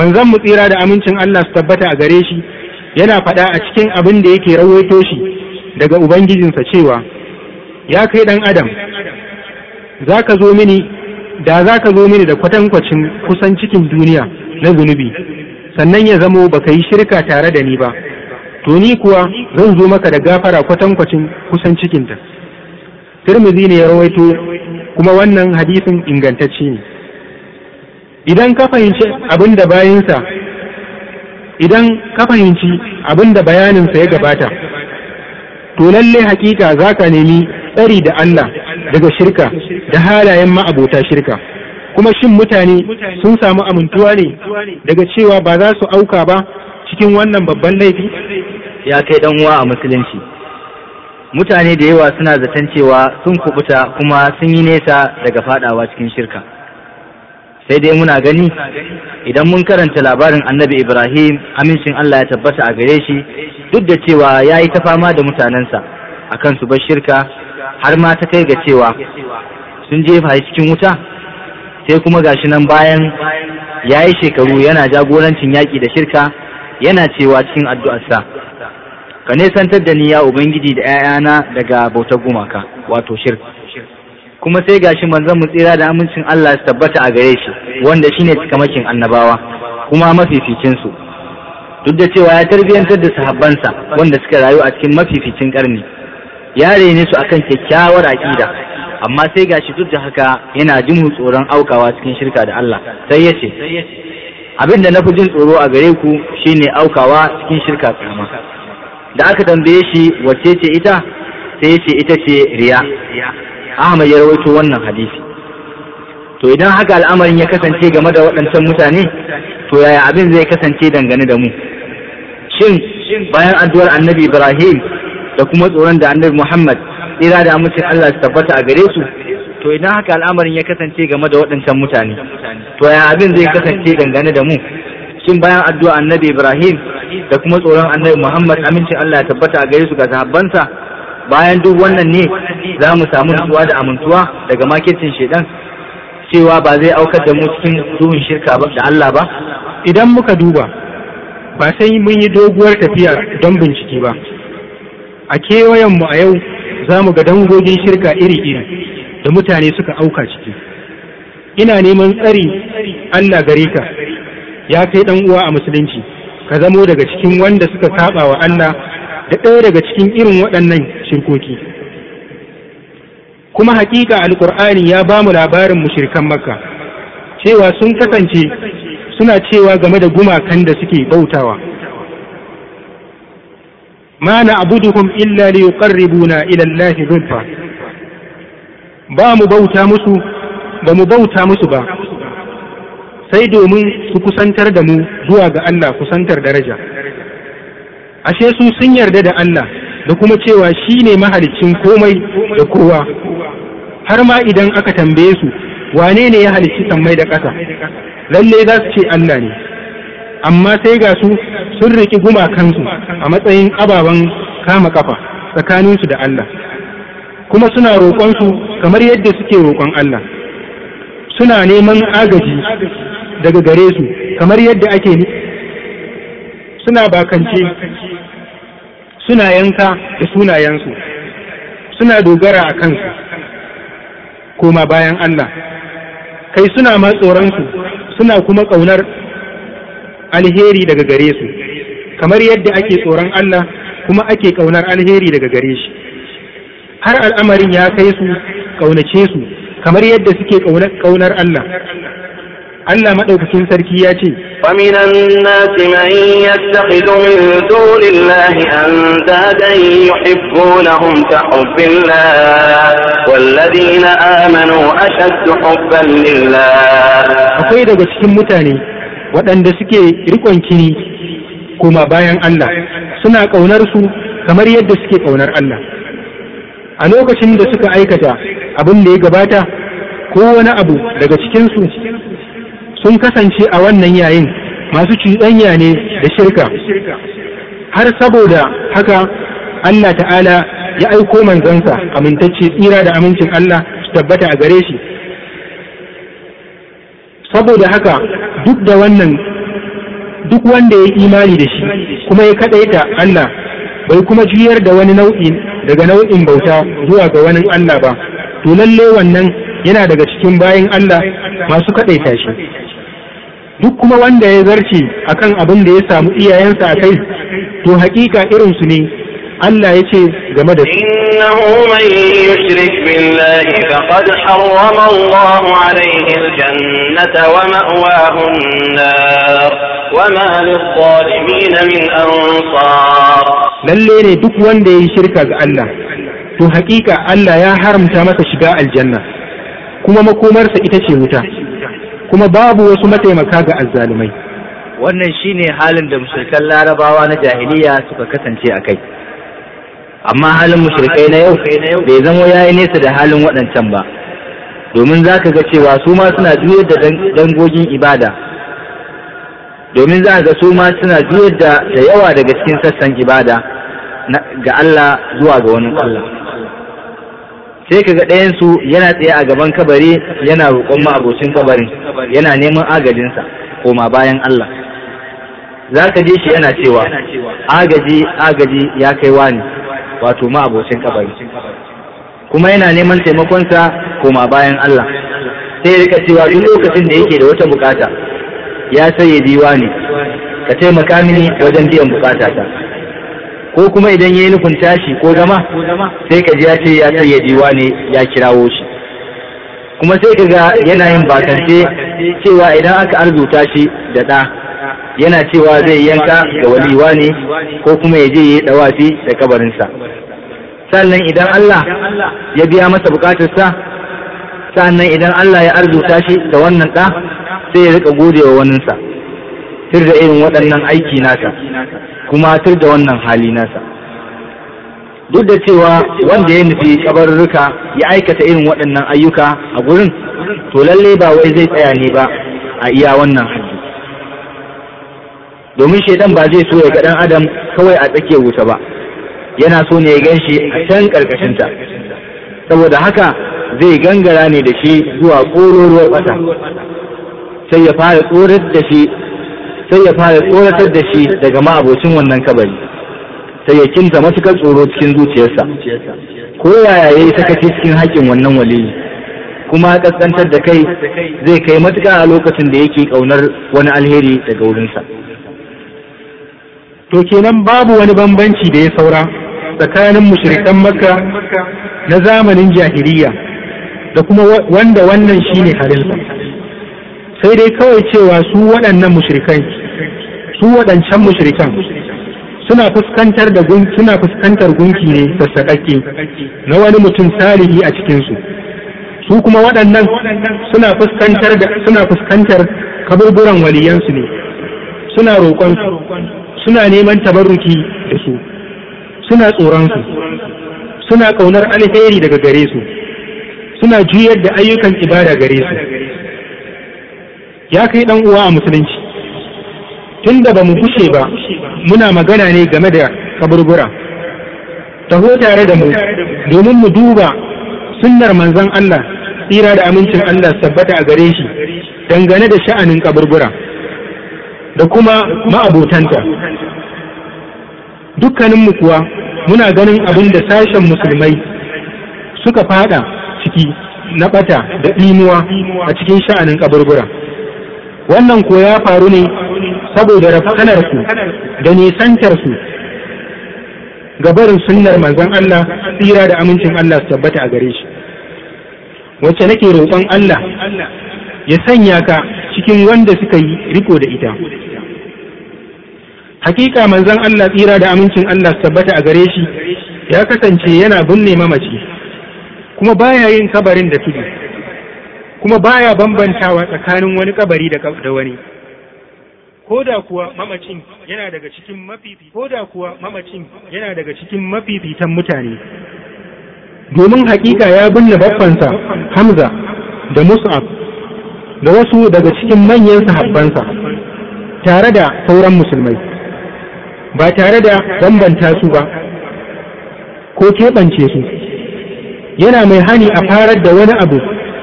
manzon mu tsira da amincin Allah su tabbata a gare shi yana faɗa a cikin abin da yake rawaito shi daga ubangijinsa cewa ya kai ɗan adam za ka zo mini da za ka zo mini da kwatankwacin kusan cikin duniya na zunubi sannan ya zamo baka yi shirka tare da ni ba to ni kuwa zan zo maka da gafara kwatankwacin kusan cikinta turmizi ne ya rawaito kuma wannan hadisin ingantacce ne idan ka fahimci abin da bayansa idan ka fahimci abin da bayaninsa ya gabata to lalle hakika za ka nemi tsari da Allah daga shirka da halayen ma'abota shirka kuma shin mutane sun samu amintuwa ne daga cewa ba za su auka ba cikin wannan babban laifi ya kai dan uwa a musulunci mutane da yawa suna zaton cewa sun kubuta kuma sun yi nesa daga fadawa cikin shirka sai dai muna gani idan mun karanta labarin annabi ibrahim amincin allah ya tabbata a gare shi duk da cewa ya yi ta fama da mutanensa akan su bar shirka har ma ta kai ga cewa sun jefa shi cikin wuta sai kuma gashi nan bayan ya yi shekaru yana jagorancin yaƙi da shirka yana cewa cikin addu'arsa ka nesantar da ni ya ubangiji da 'ya'yana daga bautar gumaka wato shirka kuma sai gashi manzon mu tsira da amincin Allah su tabbata a gare shi wanda shine cikamakin annabawa kuma mafificin su duk da cewa ya tarbiyantar da sahabbansa wanda suka rayu a cikin mafificin karni ya rene su akan kyakkyawar aƙida amma sai gashi duk da haka yana jin tsoron aukawa cikin shirka da Allah sai ya ce abin da na fi jin tsoro a gare ku shine aukawa cikin shirka kuma da aka tambaye shi wacce ce ita sai ya ce ita ce riya Ahmad ya rawaito wannan hadisi to idan haka al'amarin ya kasance game da waɗancan mutane to yaya abin zai kasance dangane da mu shin bayan addu'ar annabi Ibrahim da kuma tsoron da annabi Muhammad tsira da amincin Allah su tabbata a gare su to idan haka al'amarin ya kasance game da waɗancan mutane to ya abin zai kasance dangane da mu shin bayan addu'a annabi Ibrahim da kuma tsoron annabi Muhammad amincin Allah ya tabbata a gare su ga sahabbansa bayan duk wannan ne za mu samu nutsuwa da amintuwa daga makircin shedan cewa ba zai aukar da mu cikin duhun shirka da Allah ba idan muka duba ba sai mun yi doguwar tafiya don bincike ba a kewayenmu a yau za mu ga dangogin shirka iri-iri da mutane suka auka ciki ina neman tsari Allah gare ka ya kai dan uwa a musulunci ka zamo daga cikin wanda suka saba wa Allah da ɗaya daga cikin irin waɗannan shirkoki kuma hakika alkur'ani ya ba mu labarin mushrikan makka cewa sun kasance suna cewa game da gumakan da suke bautawa ma na abuduhum illa li yuqarribuna ila Allah zulfa ba mu bauta musu ba mu bauta musu ba sai domin su kusantar da mu zuwa ga Allah kusantar daraja ashe su sun yarda da Allah da kuma cewa shi ne mahalicin komai da kowa har ma idan aka tambaye su wane ne ya halicci sammai da ƙasa lalle za su ce Allah ne amma sai ga su sun riƙi gumakansu a matsayin ababen kama kafa tsakaninsu da Allah kuma suna roƙonsu kamar yadda suke roƙon Allah suna neman agaji daga gare su kamar yadda ake ne suna bakance suna yanka da sunayensu suna dogara a kansu koma bayan Allah kai suna ma tsoronsu suna kuma ƙaunar alheri daga gare su kamar yadda ake tsoron Allah kuma ake kaunar alheri daga gare shi har al'amarin ya kai su kaunace su kamar yadda suke kaunar Allah Allah maɗaukakin sarki ya ce waminan nasi mai ya taɓi domin dolin an zagayi yuhibbu na hunta hubbin la amanu a hubban lillah akwai daga cikin mutane waɗanda suke riƙon kini kuma bayan Allah suna ƙaunar su kamar yadda suke ƙaunar Allah a lokacin da suka aikata abin da ya gabata ko wani abu daga cikinsu sun kasance a wannan yayin masu cuɗanya ne da shirka har saboda haka Allah ta'ala ya aiko manzansa amintacce tsira da amincin Allah su tabbata a gare shi saboda haka duk da wannan duk wanda ya imani da shi kuma ya kaɗaita Allah bai kuma juyar da wani nau'i daga nau'in bauta zuwa ga wani Allah ba to lalle wannan yana daga cikin bayan Allah masu kaɗaita shi duk kuma wanda ya zarce akan abin da ya samu iyayensa a kai to hakika irinsu ne Allah ya ce game da su. Innahu man yushrik billahi faqad harrama Allahu alayhi al-jannata wa ma'wahu an-nar wa ma lil Lalle ne duk wanda ya yi shirka ga Allah to hakika Allah ya haramta masa shiga aljanna kuma makomarsa ita ce wuta kuma babu wasu mataimaka ga azzalumai. Wannan shine halin da musulkan larabawa na jahiliya suka kasance a kai. amma halin mushrikai na yau bai zamo yayi nesa da halin waɗancan ba domin za ka ga cewa su ma suna juye da dangogin ibada domin za ga su ma suna juye da yawa daga cikin sassan ibada ga Allah zuwa ga wani Allah sai ka ga ɗayansu yana tsaye a gaban kabari yana roƙon abocin kabarin yana neman agajinsa koma bayan Allah za ka ji shi yana cewa agaji agaji ya kai wani wato ma ma'abocin kabari kuma yana neman taimakonsa koma bayan Allah sai rika cewa duk lokacin da yake da wata bukata ya saye diwa ne ka taimaka mini wajen biyan bukata ta ko kuma idan yayi nufin tashi ko zama sai ka ji ya ce ya saye diwa ne ya kirawo shi kuma sai kaga yana yin bakance cewa idan aka arzuta shi da ɗa yana cewa zai yanka da waliwa ne ko kuma ya je ya yi dawafi da kabarinsa sannan idan Allah ya biya masa bukatarsa sannan idan Allah ya arzuta shi da wannan ɗa sai ya rika gode wa waninsa tur da irin waɗannan aiki nasa kuma tur da wannan hali nasa duk da cewa wanda ya nufi kabarurruka ya aikata irin waɗannan ayyuka a gurin to lallai ba wai zai tsaya ne ba a iya wannan domin shaidan ba zai so ya ga dan adam kawai a tsakiyar wuta ba yana so ne ya gan shi a can karkashinta saboda haka zai gangara ne da shi zuwa ƙororuwar ƙasa sai ya fara tsorar da shi sai ya fara tsoratar da shi daga ma'abocin wannan kabari sai ya kinta matukar tsoro cikin zuciyarsa ko yaya ya yi sakaci cikin haƙƙin wannan waliyi kuma ƙasƙantar da kai zai kai matuƙa a lokacin da yake ƙaunar wani alheri daga wurinsa to kenan babu wani bambanci da ya saura tsakanin mushrikan makka na zamanin jahiliya da kuma wanda wannan shine halinsa sai dai kawai cewa su waɗannan mushrikan su waɗancan mushrikan suna fuskantar da gunki suna fuskantar gunki ne sassaƙaƙe na wani mutum salihi a cikinsu su kuma waɗannan suna fuskantar da suna fuskantar kaburburan waliyansu ne suna roƙonsu suna neman tabarruki da su suna tsoron su suna kaunar alheri daga gare su suna juyar da ayyukan ibada gare su ya kai dan uwa a musulunci tunda ba mu kushe ba muna magana ne game da kaburbura taho tare da mu domin mu duba sunnar manzon Allah tsira da amincin Allah sabbata a gare shi dangane da sha'anin kaburbura da kuma ma'abotanta dukkaninmu kuwa muna ganin abin da sashen musulmai suka fada ciki na bata da imuwa a cikin sha'anin kaburbura wannan ko ya faru ne saboda rafsanarku da nisantarsu ga barin sunnar manzon Allah tsira da amincin Allah su tabbata a gare shi wacce nake roƙon Allah ya sanya ka cikin wanda suka yi riko da ita hakika manzon Allah tsira da amincin Allah su tabbata a gare shi ya kasance yana binne mamaci kuma baya yin kabarin da tudu kuma baya bambantawa tsakanin wani kabari da wani ko da kuwa mamacin yana daga cikin mafifitan mutane domin hakika ya binne baffansa Hamza da Mus'ab da wasu daga cikin manyan sahabbansa tare da sauran musulmai ba tare da bambanta su ba ko keɓance su yana mai hani a farar da wani abu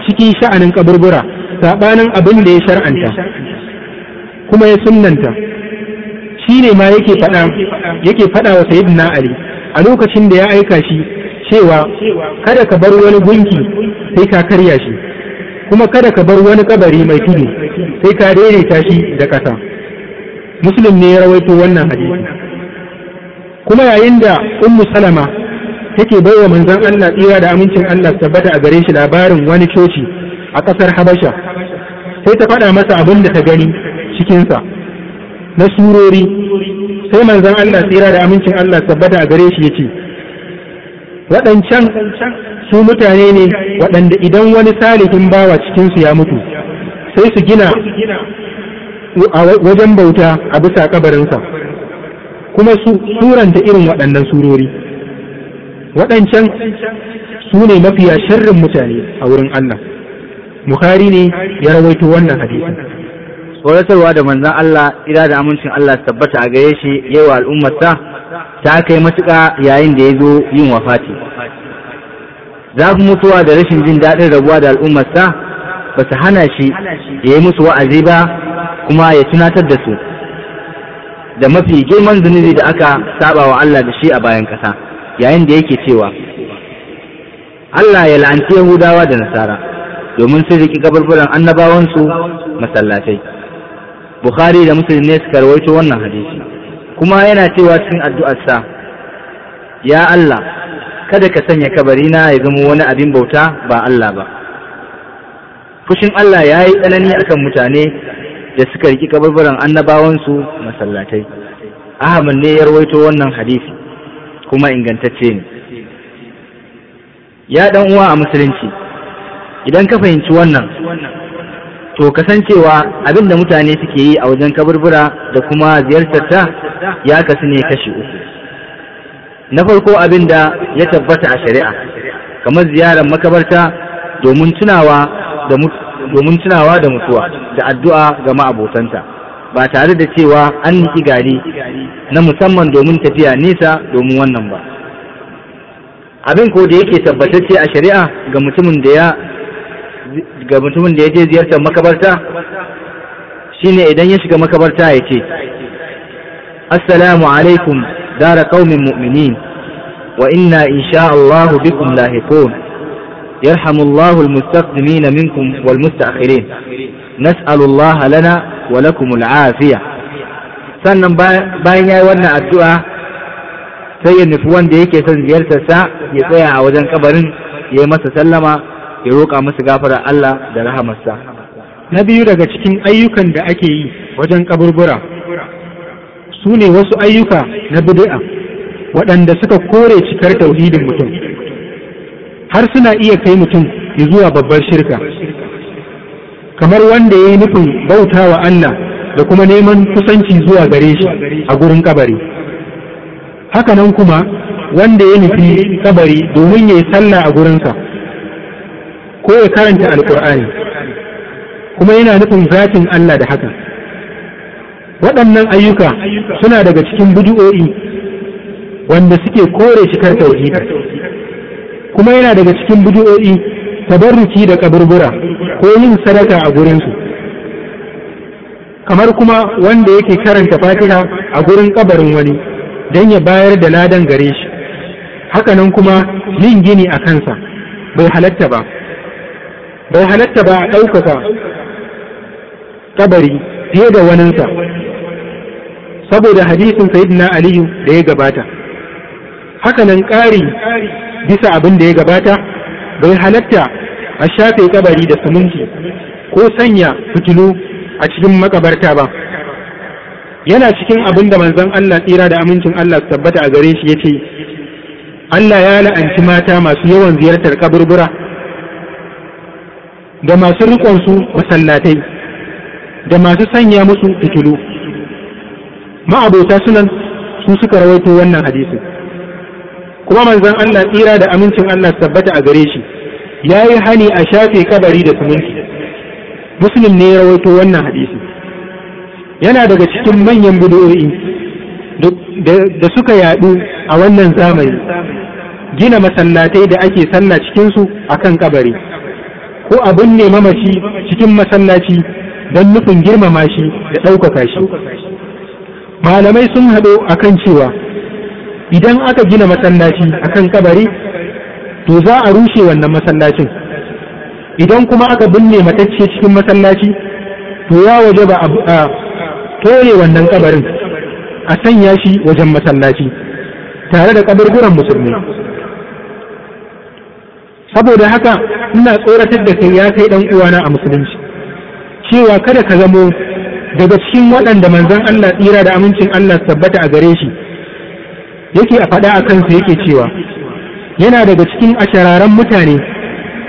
cikin sha'anin kaburbura saɓanin abin da ya shar'anta kuma ya sunanta, shi ne ma yake faɗa yake faɗa wa na ali a lokacin da ya aika shi cewa kada ka bar wani gunki sai ka karya shi kuma kada ka bar wani kabari mai tudu sai ka daidaita shi da ƙasa muslim ne ya rawaito wannan hadisi kuma yayin da ummu salama take baiwa manzon Allah tsira da amincin Allah tabbata a gare shi labarin wani coci a ƙasar Habasha sai ta faɗa masa abin da ta gani cikinsa na surori sai manzon Allah tsira da amincin Allah tabbata a gare shi yace waɗancan su mutane ne waɗanda idan wani salihin bawa cikinsu ya mutu sai su gina a wajen bauta a bisa kabarinsa kuma su suranta irin waɗannan surori waɗancan su ne mafiya sharrin mutane a wurin Allah Bukhari ne ya rawaito wannan hadisin tsoratarwa da manzan Allah ira da amincin Allah tabbata a gare shi yawa al'ummarsa ta kai matuka yayin da ya zo yin wafati zafin mutuwa da rashin jin daɗin rabuwa da al'ummarsa ba su hana shi ya yi musu wa'azi ba kuma ya tunatar da su da mafi girman zunubi da aka saba wa Allah da shi a bayan ƙasa yayin da yake cewa Allah ya la'anci Yahudawa da Nasara domin sun riƙi gabarburan annabawansu masallatai Bukhari da Muslim ne suka rawaito wannan hadisi kuma yana cewa cikin addu'arsa ya Allah kada ka sanya kabarina ya zama wani abin bauta ba Allah ba fushin Allah ya yi tsanani akan mutane da suka riki kabarbaran annabawansu masallatai Ahmad ne ya rawaito wannan hadisi kuma ingantacce ne ya dan uwa a musulunci idan ka fahimci wannan to kasancewa abin da mutane suke yi a wajen kabarbara da kuma ziyartar ta ya kasu ne kashi uku na farko abin da ya tabbata a shari'a kamar ziyarar makabarta domin tunawa da mutuwa da addu'a ga ma'abotanta ba tare da cewa an niki gari na musamman domin tafiya nesa domin wannan ba abin ko da yake ce a shari'a ga mutumin da ya ya je ziyartar makabarta shine idan ya shiga makabarta ya ce assalamu alaikum دار قوم مؤمنين وإنا إن شاء الله بكم لاهقون يرحم الله المستقدمين منكم والمستأخرين نسأل الله لنا ولكم العافية sannan bayan ya yi wannan addu'a sai ya nufi wanda yake son ziyartarsa ya tsaya a wajen kabarin ya yi masa sallama ya roƙa masa gafara Allah da rahamarsa. Na biyu daga cikin ayyukan da ake yi wajen kaburbura su ne wasu ayyuka na bid'a waɗanda suka kore cikar tauhidin mutum har suna iya kai mutum ya zuwa babbar shirka kamar wanda ya yi nufin bauta wa Allah da kuma neman kusanci zuwa gare shi a gurin kabari hakanan kuma wanda ya nufi kabari domin ya yi sallah a gurinsa ko ya karanta alkur'ani kuma yana nufin zatin Allah da haka waɗannan ayyuka suna daga cikin bid'o'i wanda suke kore shi kar kuma yana daga cikin bid'o'i tabarruki da kaburbura ko yin sadaka a gurinsu kamar kuma wanda yake karanta fatiha a gurin ƙabarin wani don ya bayar da ladan gare shi hakanan kuma yin gini a kansa bai halatta ba bai halatta ba a ɗaukaka ƙabari fiye da waninsa saboda hadisin sayyidina aliyu da ya gabata hakanan ƙari bisa abin da ya gabata bai halatta a shafe kabari da suminti ko sanya fitilu a cikin makabarta ba yana cikin abin da manzon Allah tsira da amincin Allah su tabbata a gare shi yace Allah ya la'anci mata masu yawan ziyartar kaburbura da masu riƙon su masallatai da masu sanya musu fitilu ma'abota sunan su suka rawaito wannan hadisin kuma manzon Allah tsira da amincin Allah tabbata a gare shi yayi hani a shafe kabari da suminti muslim ne ya rawaito wannan hadisi yana daga cikin manyan bidoyi da suka yadu a wannan zamani gina masallatai da ake sallah cikin su akan kabari ko abin ne mamaci cikin masallaci don nufin girmama shi da ɗaukaka shi malamai sun haɗo a kan cewa idan aka gina masallaci kan kabari to za a rushe wannan masallacin idan kuma aka binne matacce cikin masallaci to ya waje ba a tore wannan kabarin a sanya shi wajen masallaci tare da kaburburan musulmi saboda haka ina tsoratar da kai ya kai ɗan uwana a musulunci cewa kada ka zamo daga cikin waɗanda manzan Allah tsira da amincin Allah tabbata a gare shi yake a faɗa a kansa yake cewa yana daga cikin ashararan mutane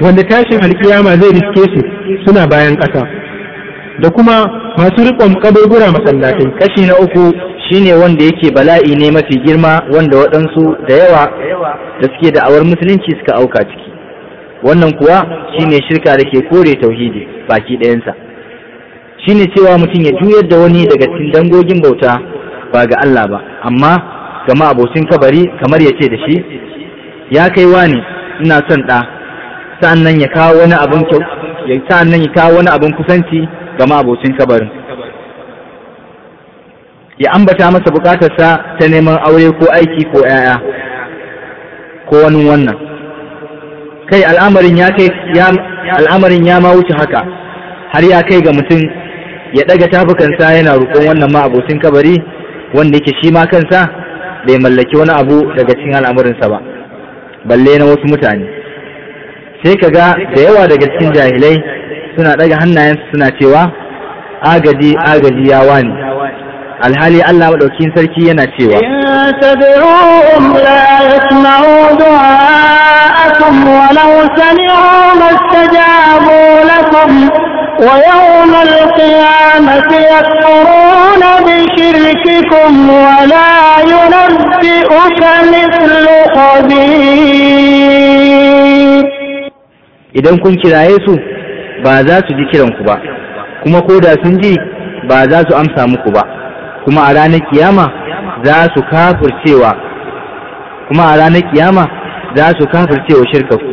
wanda tashin alkiyama zai riske su suna bayan ƙasa da kuma masu riƙon ƙabarbura masallatai kashi na uku shine wanda yake bala'i ne mafi girma wanda waɗansu da yawa da suke da'awar musulunci suka auka ciki wannan kuwa shine shirka da ke kore tauhidi baki ɗayansa shine cewa mutum ya juyar da wani daga cikin dangogin bauta ba ga Allah ba amma ga ma'abocin kabari kamar ya ce da shi ya kai wani ina son ɗa sa'annan ya kawo wani abin kyau ya sa'annan ya kawo wani abin kusanci ga ma'abocin kabarin ya ambata masa bukatarsa ta neman aure ko aiki ko 'ya'ya ko wani wannan kai al'amarin ya kai al'amarin ya ma wuce haka har ya kai ga mutum ya daga tafukansa yana roƙon wannan ma abocin kabari wanda yake shi ma kansa bai mallaki wani abu daga cikin al'amuransa ba balle na wasu mutane sai ka ga da yawa daga cikin jahilai suna daga hannayensu suna cewa agaji agaji ya wani alhali Allah maɗaukin sarki yana cewa تدعوهم ويوم القيامة يكفرون بشرككم ولا ينبئك مثل خبير idan kun kiraye su ba za su ji kiranku ba kuma ko da sun ji ba za su amsa muku ba kuma a ranar kiyama za su kafircewa kuma a ranar kiyama za su kafircewa shirkaku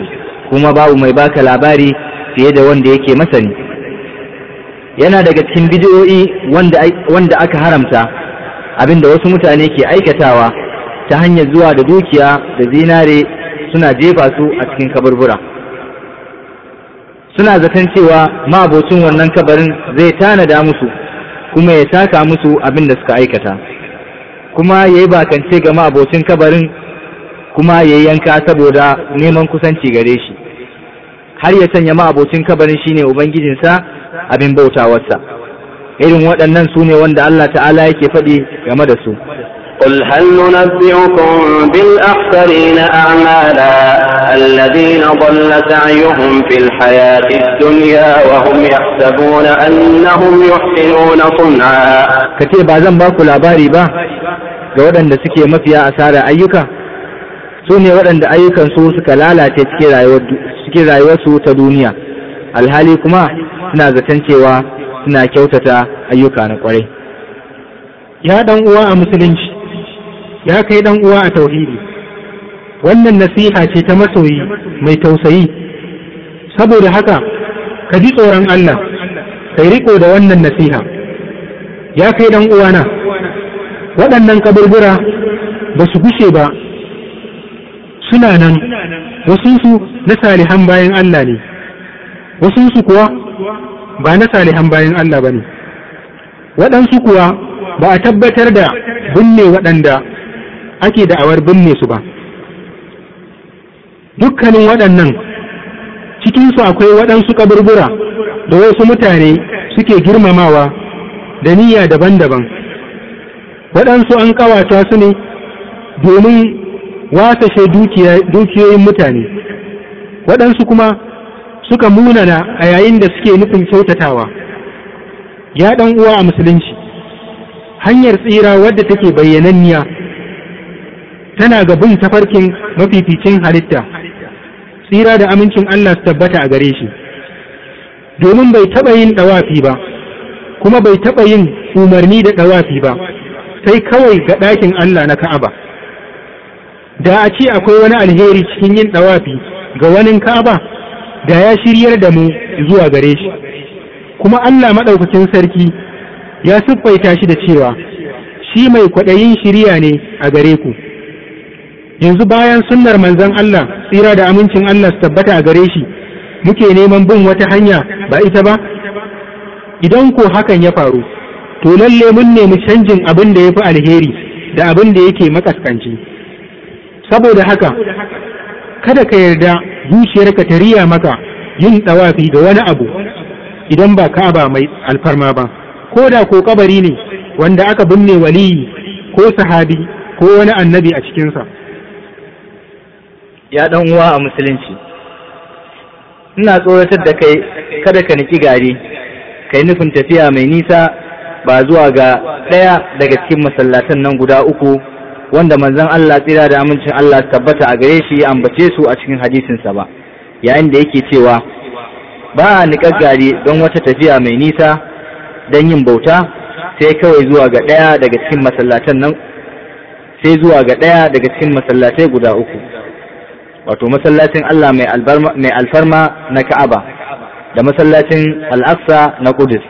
kuma babu mai baka labari fiye da wanda yake masani yana daga cikin bidiyoyi wanda aka haramta abinda wasu mutane ke aikatawa ta hanyar zuwa da dukiya da zinare suna jefa su a cikin kaburbura suna zaton cewa ma'abocin wannan kabarin zai tanada musu kuma ya saka musu abin da suka aikata kuma ya yi bakance ga ma'abocin kabarin kuma ya yanka saboda neman kusanci gare shi har ya sanya ma abocin kabarin shine ubangijinsa abin bautawarsa irin waɗannan su ne wanda Allah ta'ala yake faɗi game da su قل هل ننبئكم بالأخسرين أعمالا الذين ضل سعيهم في الحياة الدنيا وهم يحسبون أنهم يحسنون صنعا كتير بعضا باكو لاباري با جودا لسكي مفيا أيكا su ne waɗanda ayyukansu suka lalace cikin rayuwarsu ta duniya alhali kuma suna zaton cewa suna kyautata ayyuka na kwarai ya ɗan uwa a musulunci ya kai ɗan uwa a tauhidi wannan nasiha ce ta masoyi mai tausayi saboda haka ka ji tsoron Allah kai riko da wannan nasiha ya kai ɗan uwana waɗannan kaburbura ba su gushe ba suna nan wasunsu na salihan bayan Allah ne wasunsu kuwa ba na salihan bayan Allah ba ne waɗansu kuwa ba a tabbatar da binne waɗanda ake da'awar binne su ba dukkanin waɗannan cikinsu akwai waɗansu kaburbura da wasu mutane suke girmamawa da niyya daban-daban waɗansu an ƙawata su ne domin wasashe dukiyoyin mutane waɗansu kuma suka munana a yayin da suke nufin kyautatawa ya ɗan uwa a musulunci hanyar tsira wadda take bayyananniya tana ga bin tafarkin mafificin halitta tsira da amincin Allah su tabbata a gare shi domin bai taɓa yin ɗawafi ba kuma bai taɓa yin umarni da ɗawafi ba sai kawai ga ɗakin Allah na Ka'aba. da a ce akwai wani alheri cikin yin ɗawafi ga wani kaba da ya shiryar da mu zuwa gare shi kuma Allah maɗaukacin sarki ya siffaita shi da cewa shi mai kwaɗayin shirya ne a gare ku yanzu bayan sunnar manzon Allah tsira da amincin Allah su tabbata a gare shi muke neman bin wata hanya ba ita ba idan ko hakan ya faru to lalle mun nemi canjin abin da ya fi alheri da abin da yake makaskanci saboda haka kada ka yarda zuciyarka ta riya maka yin tsawafi ga wani abu idan ba ka'aba mai alfarma ba ko da ko kabari ne wanda aka binne waliyi ko sahabi ko wani annabi a cikinsa ya ɗan uwa a musulunci ina tsoratar da kai kada ka niki gari kai nufin tafiya mai nisa ba zuwa ga ɗaya daga cikin masallatan nan guda uku wanda manzon Allah tsira da amincin Allah tabbata a gare shi ya ambace su a cikin hadisinsa ba yayin da yake cewa ba a niƙar don wata tafiya mai nisa don yin bauta sai kawai zuwa ga ɗaya daga cikin masallatan nan sai zuwa ga ɗaya daga cikin masallatai guda uku wato masallacin Allah mai alfarma na Ka'aba da masallacin Al-Aqsa na Qudus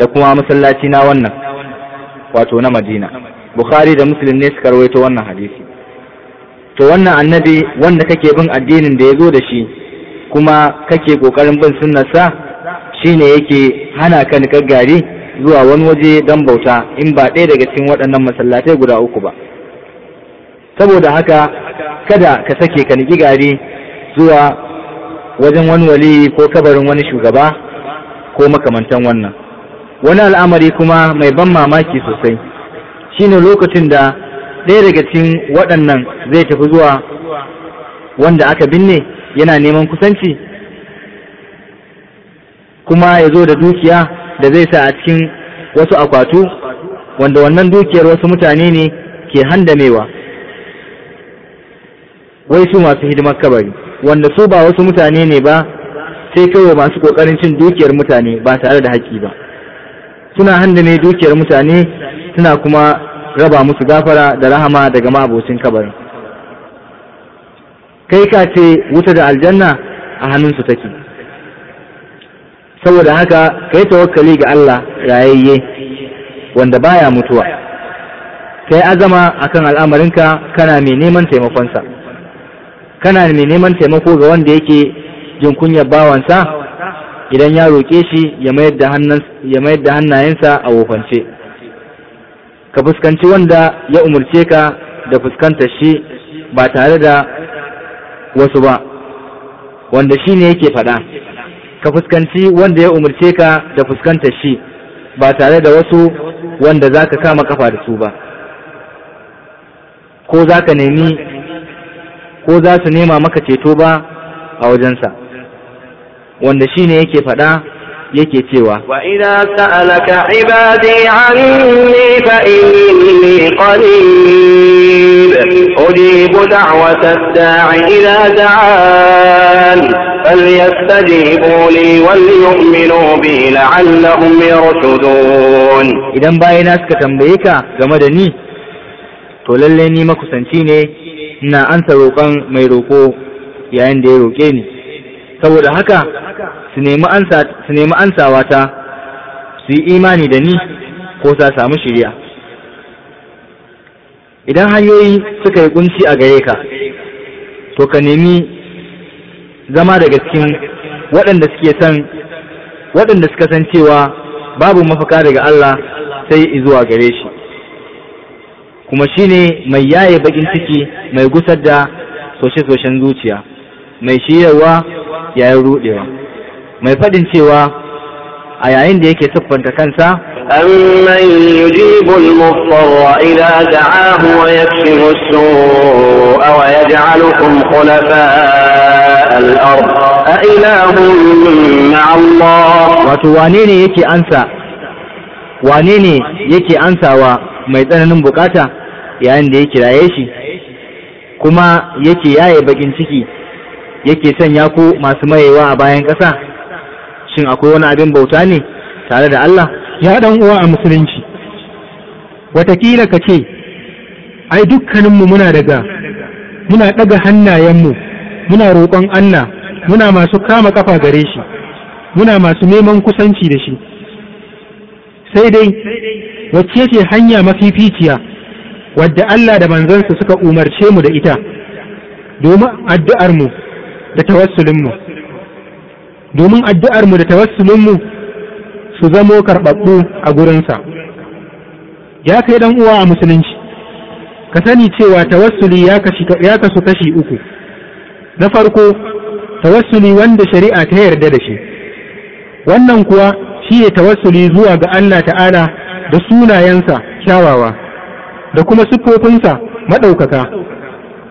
da kuma masallaci na wannan wato na Madina bukhari da muslim ne suka rawaito wannan hadisi to wannan annabi wanda kake bin addinin da ya zo da shi kuma kake kokarin bin sunnarsa shine yake hana ka nikar gari zuwa wani waje don bauta in ba ɗaya daga cikin waɗannan masallatai guda uku ba saboda haka kada ka sake ka niki gari zuwa wajen wani wali ko kabarin wani shugaba ko makamantan wannan wani al'amari kuma mai ban mamaki sosai shine lokacin da ɗaya daga cikin waɗannan zai tafi zuwa wanda aka binne yana neman kusanci kuma ya zo da dukiya da zai sa a cikin wasu akwatu wanda wannan dukiyar wasu mutane ne ke handamewa wai su masu hidimar kabari wanda su ba wasu mutane ne ba sai kawai masu ƙoƙarin cin dukiyar mutane ba tare da haƙƙi ba suna handame dukiyar mutane suna kuma raba musu gafara da rahama daga ma'abocin kabarin kai ka ce wuta da aljanna a hannunsu take saboda haka ka yi tawakkali ga Allah rayayye wanda baya mutuwa ka yi azama a kan al'amarinka kana mai neman taimakonsa kana mai neman taimako ga wanda yake jin kunyar bawansa idan ya roƙe shi ya mayar da hannayensa a wofance. ka fuskanci wanda ya umurce ka da fuskantar shi ba tare da wasu ba wanda shi ne yake faɗa ka fuskanci wanda ya umurce ka da fuskantar shi ba tare da wasu wanda za ka kama kafa da su ba ko za ka nemi ko za su nema maka ceto ba a wajensa wanda shi ne yake faɗa yake cewa wa idza sa'alaka ibadi anni fa inni qarib ujibu da'wata da'i idza da'an falyastajibu li wal yu'minu bi la'allahum yarshudun idan bayina suka tambaye ka game da ni to lalle ni makusanci ne ina ansa roƙon mai roƙo yayin da ya roƙe ni saboda haka su nemi ansawa ta su yi imani da ni ko sa samu shirya idan hanyoyi suka yi kunci a gare ka to ka nemi zama daga cikin waɗanda suke san waɗanda suka san cewa babu mafaka daga Allah sai zuwa gare shi kuma shine mai yaye bakin ciki mai gusar da soshe-soshen zuciya mai shiyarwa yayin rudewa mai fadin cewa a yayin da yake siffanta kansa amman yujibu al-mudtarra idha da'ahu wa yakshifu as-su'a wa yaj'alukum khulafa'a al-ard a ilahun ma'a Allah wato wane ne yake ansa wane ne yake ansawa mai tsananin bukata yayin da ya kiraye shi kuma yake yaye bakin ciki yake sanya ku masu mayewa a bayan ƙasa shin akwai wani abin bauta ne tare da Allah ya dan uwa a musulunci watakila ka ce ai dukkaninmu muna daga muna ɗaga hannayenmu muna roƙon Allah muna masu kama kafa gare shi muna masu neman kusanci da shi sai dai wacce ce hanya mafificiya wadda Allah da manzansa suka umarce mu da ita domin addu'armu da tawassulinmu domin addu'armu da tawassulinmu su zamo karɓaɓɓu a gurinsa ya kai ɗan uwa a musulunci ka sani cewa tawassuli ya kasu kashi uku na farko tawassuli wanda shari'a ta yarda da shi wannan kuwa shi ne tawassuli zuwa ga Allah ta'ala da sunayensa kyawawa da kuma siffofinsa maɗaukaka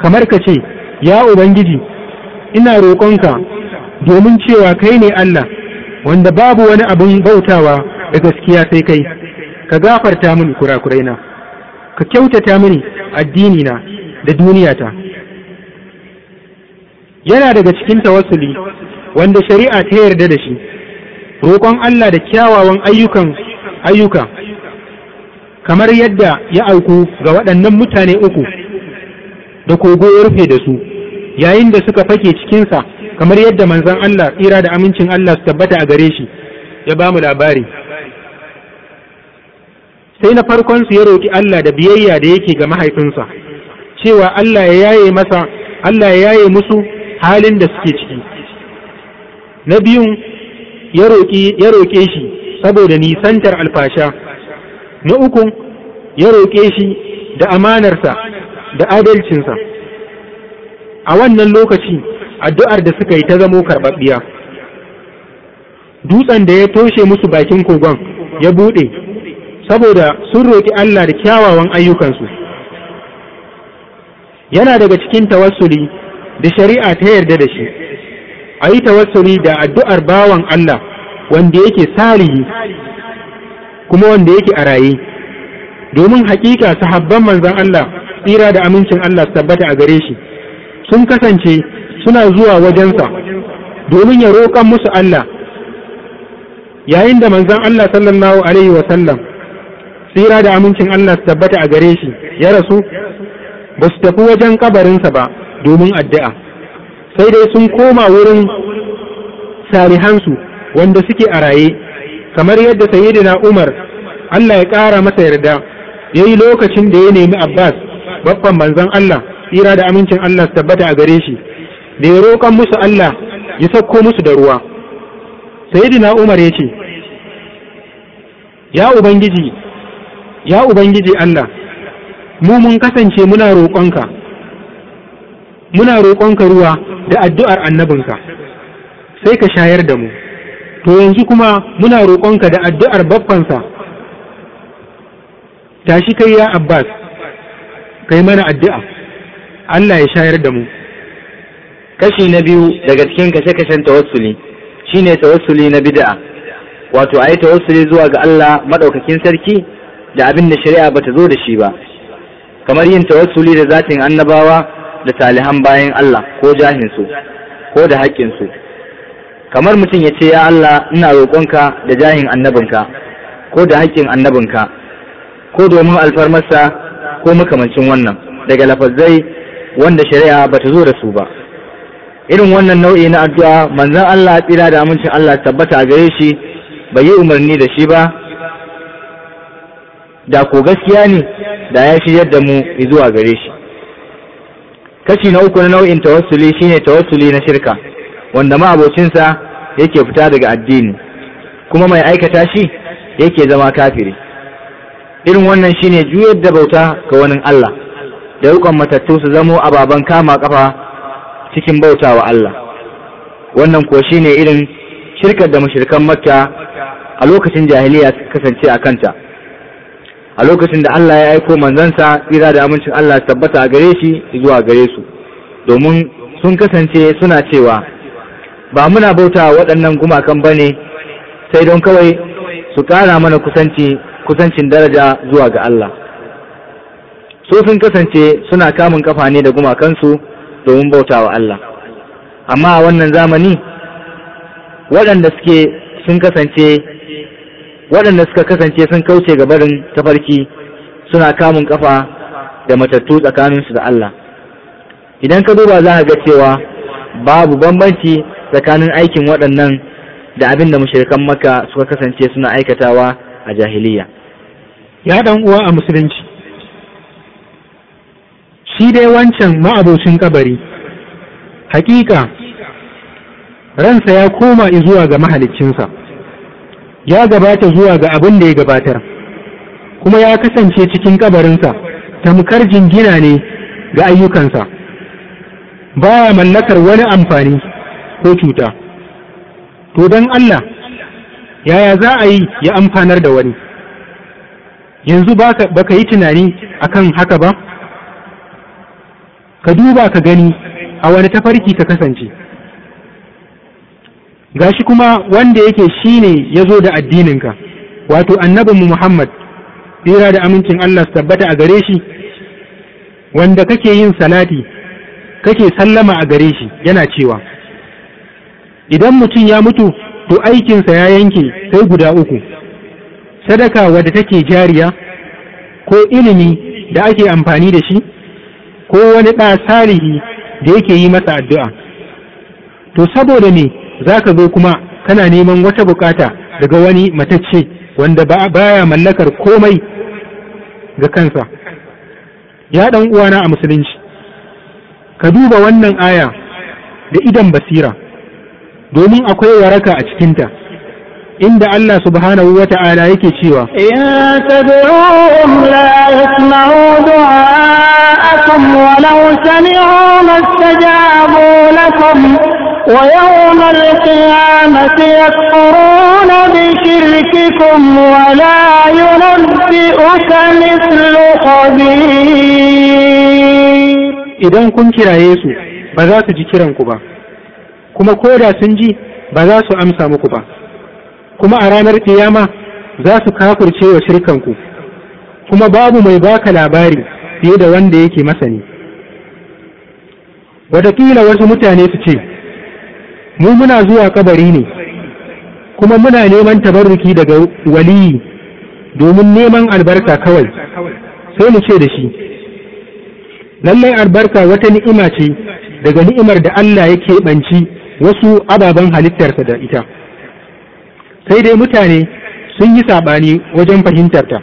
kamar ka ce ya ubangiji ina roƙonka domin cewa kai ne Allah wanda babu wani abin bautawa da gaskiya sai kai ka gafarta mini kurakuraina ka kyautata mini addinina da duniyata yana daga cikin tawassuli wanda shari'a ta yarda da shi roƙon Allah da kyawawan ayyukan ayyuka kamar yadda ya auku ga waɗannan mutane uku da kogo ya rufe da su yayin da suka fake cikinsa kamar yadda manzan Allah tsira da amincin Allah su tabbata a gare shi ya ba mu labari sai na farkon su ya roƙi Allah da biyayya da yake ga mahaifinsa cewa Allah ya yaye masa Allah ya yaye musu halin da suke ciki na biyun ya roƙe shi saboda nisantar alfasha na ukun ya roƙe shi da amanarsa da adalcinsa a wannan lokaci addu'ar da suka yi ta zamo karɓaɓɓiya dutsen da ya toshe musu bakin kogon ya buɗe saboda sun roƙi Allah da kyawawan ayyukansu yana daga cikin tawassuli da shari'a ta yarda da shi a yi tawassuli da addu'ar bawan Allah wanda yake salihi kuma wanda yake a raye domin hakika sahabban manzan Allah tsira da amincin Allah su tabbata a gare shi sun kasance suna zuwa wajensa domin ya roƙan musu Allah yayin da manzan Allah sallallahu alaihi wasallam tsira da amincin Allah su tabbata a gare shi ya rasu ba su tafi wajen ƙabarinsa ba domin addu'a sai dai sun koma wurin salihansu wanda suke a raye kamar yadda sayyidina Umar Allah ya ƙara masa yarda ya yi lokacin da ya nemi Abbas babban manzan Allah tsira da amincin Allah su tabbata a gare shi da ya roƙon musu Allah ya sauko musu da ruwa sayyidina Umar ya ce ya ubangiji ya ubangiji Allah mu mun kasance muna roƙonka muna roƙonka ruwa da addu'ar annabinka sai ka shayar da mu to yanzu kuma muna roƙonka da addu'ar babbansa tashi kai ya Abbas kai mana addu'a Allah ya shayar da mu kashi na biyu daga cikin kashe-kashen tawassuli ne tawassuli na bida'a, wato ayi tawassuli zuwa ga Allah maɗaukakin sarki da abin da shari'a ba ta zo da shi ba kamar yin tawassuli da zatin annabawa da salihan bayan Allah ko jahinsu ko da haƙƙinsu kamar mutum ya ce ya Allah ina roƙonka da jahin annabinka ko da haƙƙin annabinka ko domin alfarmarsa ko makamancin wannan daga lafazzai wanda shari'a bata zo da su ba irin wannan nau'i na addu'a manzon Allah tsira da amincin Allah tabbata a gare shi bai yi umarni da shi ba da ko gaskiya ne da ya shigar da mu zuwa gare shi kashi na uku na nau'in tawassuli shine tawassuli na shirka wanda ma abocinsa yake fita daga addini kuma mai aikata shi yake zama kafiri irin wannan shine juyar da bauta ga wani Allah da rikon matattu su zamo ababen kama kafa cikin bauta wa Allah wannan kuwa shine irin shirkar da mashirkan makka a lokacin jahiliya suka kasance a kanta a lokacin da Allah ya aiko manzansa tsira da amincin Allah tabbata a gare shi zuwa gare su domin sun kasance suna cewa ba muna bauta waɗannan gumakan ba ne sai don kawai su ƙara mana kusancin daraja zuwa ga Allah su sun kasance suna kamun kafa ne da gumakansu domin bauta wa Allah amma a wannan zamani waɗanda suke sun kasance waɗanda suka kasance sun kauce ga barin tafarki suna kamun kafa da matattu tsakaninsu da Allah idan ka duba za ga cewa babu bambanci tsakanin aikin waɗannan da abin da mashirkan maka suka kasance suna aikatawa a jahiliya ya ɗan uwa a musulunci dai wancan ma'abocin kabari hakika ransa ya koma zuwa ga mahaliccinsa ya gabata zuwa ga abin da ya gabatar kuma ya kasance cikin kabarinsa tamkar jingina ne ga ayyukansa baya mallakar wani amfani ko cuta to don Allah yaya za a yi ya amfanar da wani yanzu ba ka yi tunani akan haka ba ka duba ka gani a wani tafarki ka kasance gashi kuma wanda yake ne ya zo da addininka wato annabin muhammad tsira da amincin allah su tabbata a gare shi wanda kake yin salati kake sallama a gare shi yana cewa idan mutum ya mutu to aikinsa ya yanke sai guda uku sadaka wadda take jariya ko ilimi da ake amfani da shi ko wani ɗa salihi da yake yi masa addu'a to saboda me za ka zo kuma kana neman wata bukata daga wani matacce wanda baya mallakar komai ga kansa ya ɗan uwana a musulunci ka duba wannan aya da idan basira domin akwai waraka a cikinta inda Allah subhanahu wa ta'ala yake cewa ya tad'uhum la du'a لكم ولو سمعوا ما استجابوا لكم ويوم القيامة يكفرون بشرككم ولا ينبئك مثل خبير إذا كن كرا يسو بذات جكرا كبا كما كودا سنجي بذات أمسا مكبا كما أرانا القيامة ذات كافر شيء وشركا shirkanku kuma babu mai baka fiye da wanda yake masani watakila wasu mutane su ce mu muna zuwa kabari ne kuma muna neman tabarruki daga waliyi domin neman albarka kawai sai mu ce da shi lallai albarka wata ni'ima ce daga ni'imar da Allah ya keɓanci wasu ababen halittarsa da ita sai dai mutane sun yi saɓani wajen fahimtarta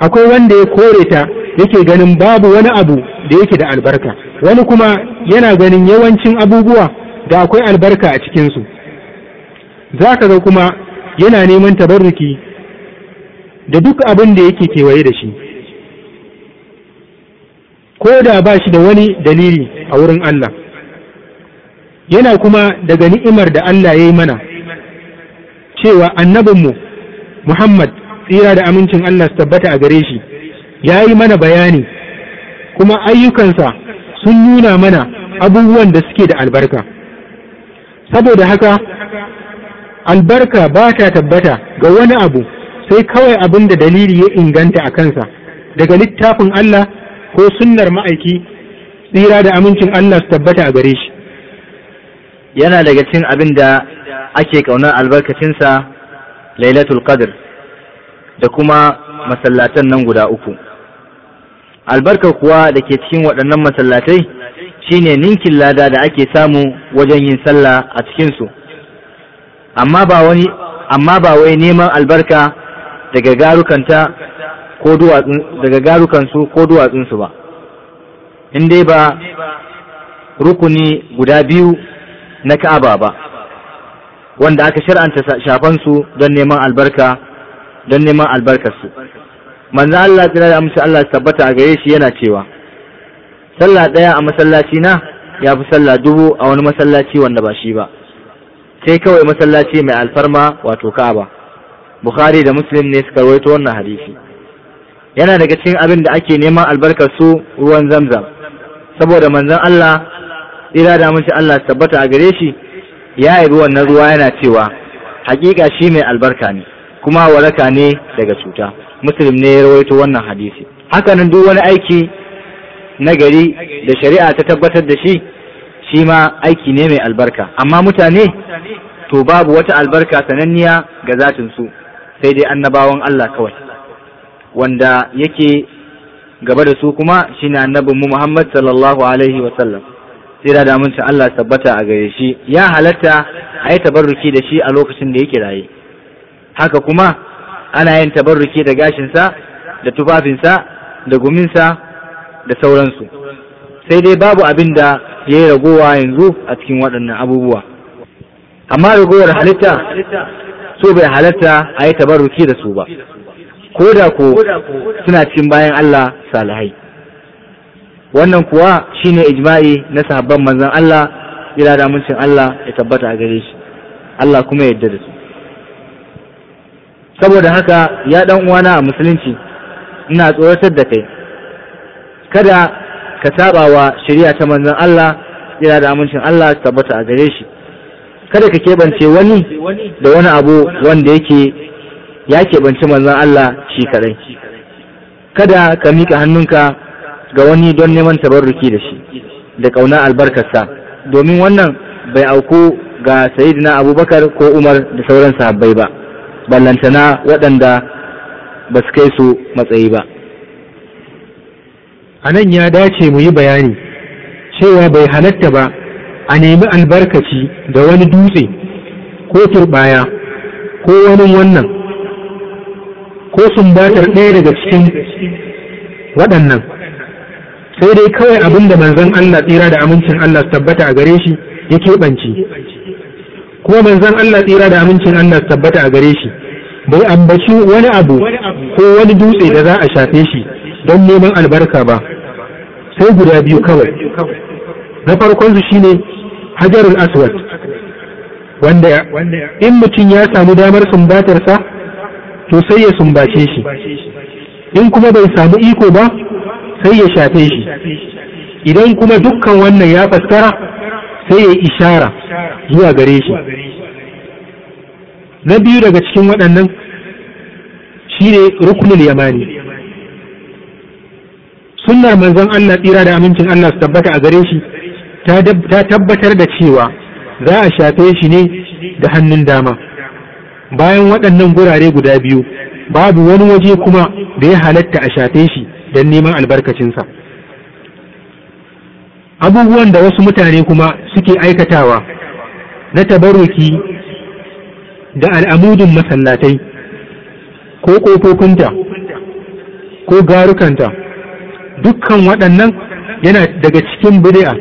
akwai wanda ya kore ta yake ganin babu wani abu da yake da albarka wani kuma yana ganin yawancin abubuwa da akwai albarka a cikinsu za ka ga kuma yana neman tabarruki da duk abin da yake kewaye da shi ko da ba shi da wani dalili a wurin Allah yana kuma daga ni'imar da Allah ya yi mana cewa annabinmu Muhammad tsira da amincin Allah su tabbata a gare shi ya yi mana bayani kuma ayyukansa sun nuna mana abubuwan da suke da albarka saboda haka albarka ba ta tabbata ga wani abu sai kawai abin da dalili ya inganta a kansa daga littafin Allah ko sunnar ma'aiki tsira da amincin Allah su tabbata a gare shi yana daga cin abin da ake ƙaunar albarkacinsa lailatul qadr da kuma masallatan nan guda uku albarka kuwa da ke cikin waɗannan masallatai shine ninkin lada da ake samu wajen yin sallah a cikinsu amma ba wani amma ba wai neman albarka daga ko duwatsun daga garukansu ko duwatsunsu ba in dai ba rukuni guda biyu na ka'aba ba wanda aka shar'anta shafansu don neman albarka don neman albarkarsu manzo Allah ta da amsa Allah tabbata a gare shi yana cewa sallah ɗaya a masallaci na ya fi sallah dubu a wani masallaci wanda ba shi ba sai kawai masallaci mai alfarma wato Ka'aba Bukhari da Muslim ne suka rawaito wannan hadisi yana daga cikin abin da ake neman albarkar su ruwan Zamzam saboda manzon Allah tsira da mace Allah tabbata a gare shi ya yi ruwan ruwa yana cewa hakika shi mai albarka ne kuma waraka ne daga cuta muslim ne ya rawaito wannan hadisi hakanan duk wani aiki na gari da shari'a ta tabbatar da shi shi ma aiki ne mai albarka amma mutane to babu wata albarka sananniya ga zatin su sai dai annabawan Allah kawai wanda yake gaba da su kuma shine annabin mu Muhammad sallallahu alaihi wa sallam sai da damunta Allah tabbata a gare shi ya halatta a yi tabarruki da shi a lokacin da yake raye haka kuma ana yin tabarruki da gashinsa da tufafinsa da guminsa da sauransu sai dai babu abin da ya yi ragowa yanzu a cikin waɗannan abubuwa amma ragowar halitta so bai halatta a yi tabarruki da su ba ko da ko suna cikin bayan Allah salihai wannan kuwa shine ijma'i na sahabban manzon Allah ila da Allah ya tabbata a gare shi Allah kuma ya yarda da su saboda haka ya dan uwana a musulunci ina tsoratar da kai kada ka saba wa shari'a ta manzon Allah yana da amincin Allah tabbata a gare shi kada ka kebance wani da wani abu wanda yake ya keɓanci manzon Allah shi kadai kada ka mika hannunka ga wani don neman tabarruki da shi da ƙauna albarkarsa domin wannan bai auku ga sayidina abubakar ko umar da sauran sahabbai ba ballantana waɗanda ba su kai su matsayi ba a nan ya dace mu yi bayani cewa bai halatta ba a nemi albarkaci da wani dutse ko turɓaya ko wani wannan ko sumbatar ɗaya daga cikin waɗannan sai dai kawai abin da manzon Allah tsira da amincin Allah Su tabbata a gare shi ya keɓance kuma manzon Allah tsira da amincin Allah tabbata a gare shi bai ambaci wani abu ko wani dutse da za a shafe shi don neman albarka ba sai guda biyu kawai na farkon su shine hajarul aswad wanda in mutum ya samu damar sumbatarsa to sai ya sumbace shi in kuma bai samu iko ba sai ya shafe shi idan kuma dukkan wannan ya fassara sai ya yi ishara zuwa gare shi na biyu daga cikin waɗannan shi ne rukunin yamani sunnar manzon Allah tsira da amincin Allah su tabbata a gare shi ta tabbatar da cewa za a shafe shi ne da hannun dama bayan waɗannan gurare guda biyu babu wani waje kuma da ya halatta a shafe shi don neman albarkacinsa. abubuwan da wasu mutane kuma suke aikatawa na tabarruki da al'amudin masallatai ko ƙofofinta ko garukanta dukkan waɗannan yana daga cikin bid'a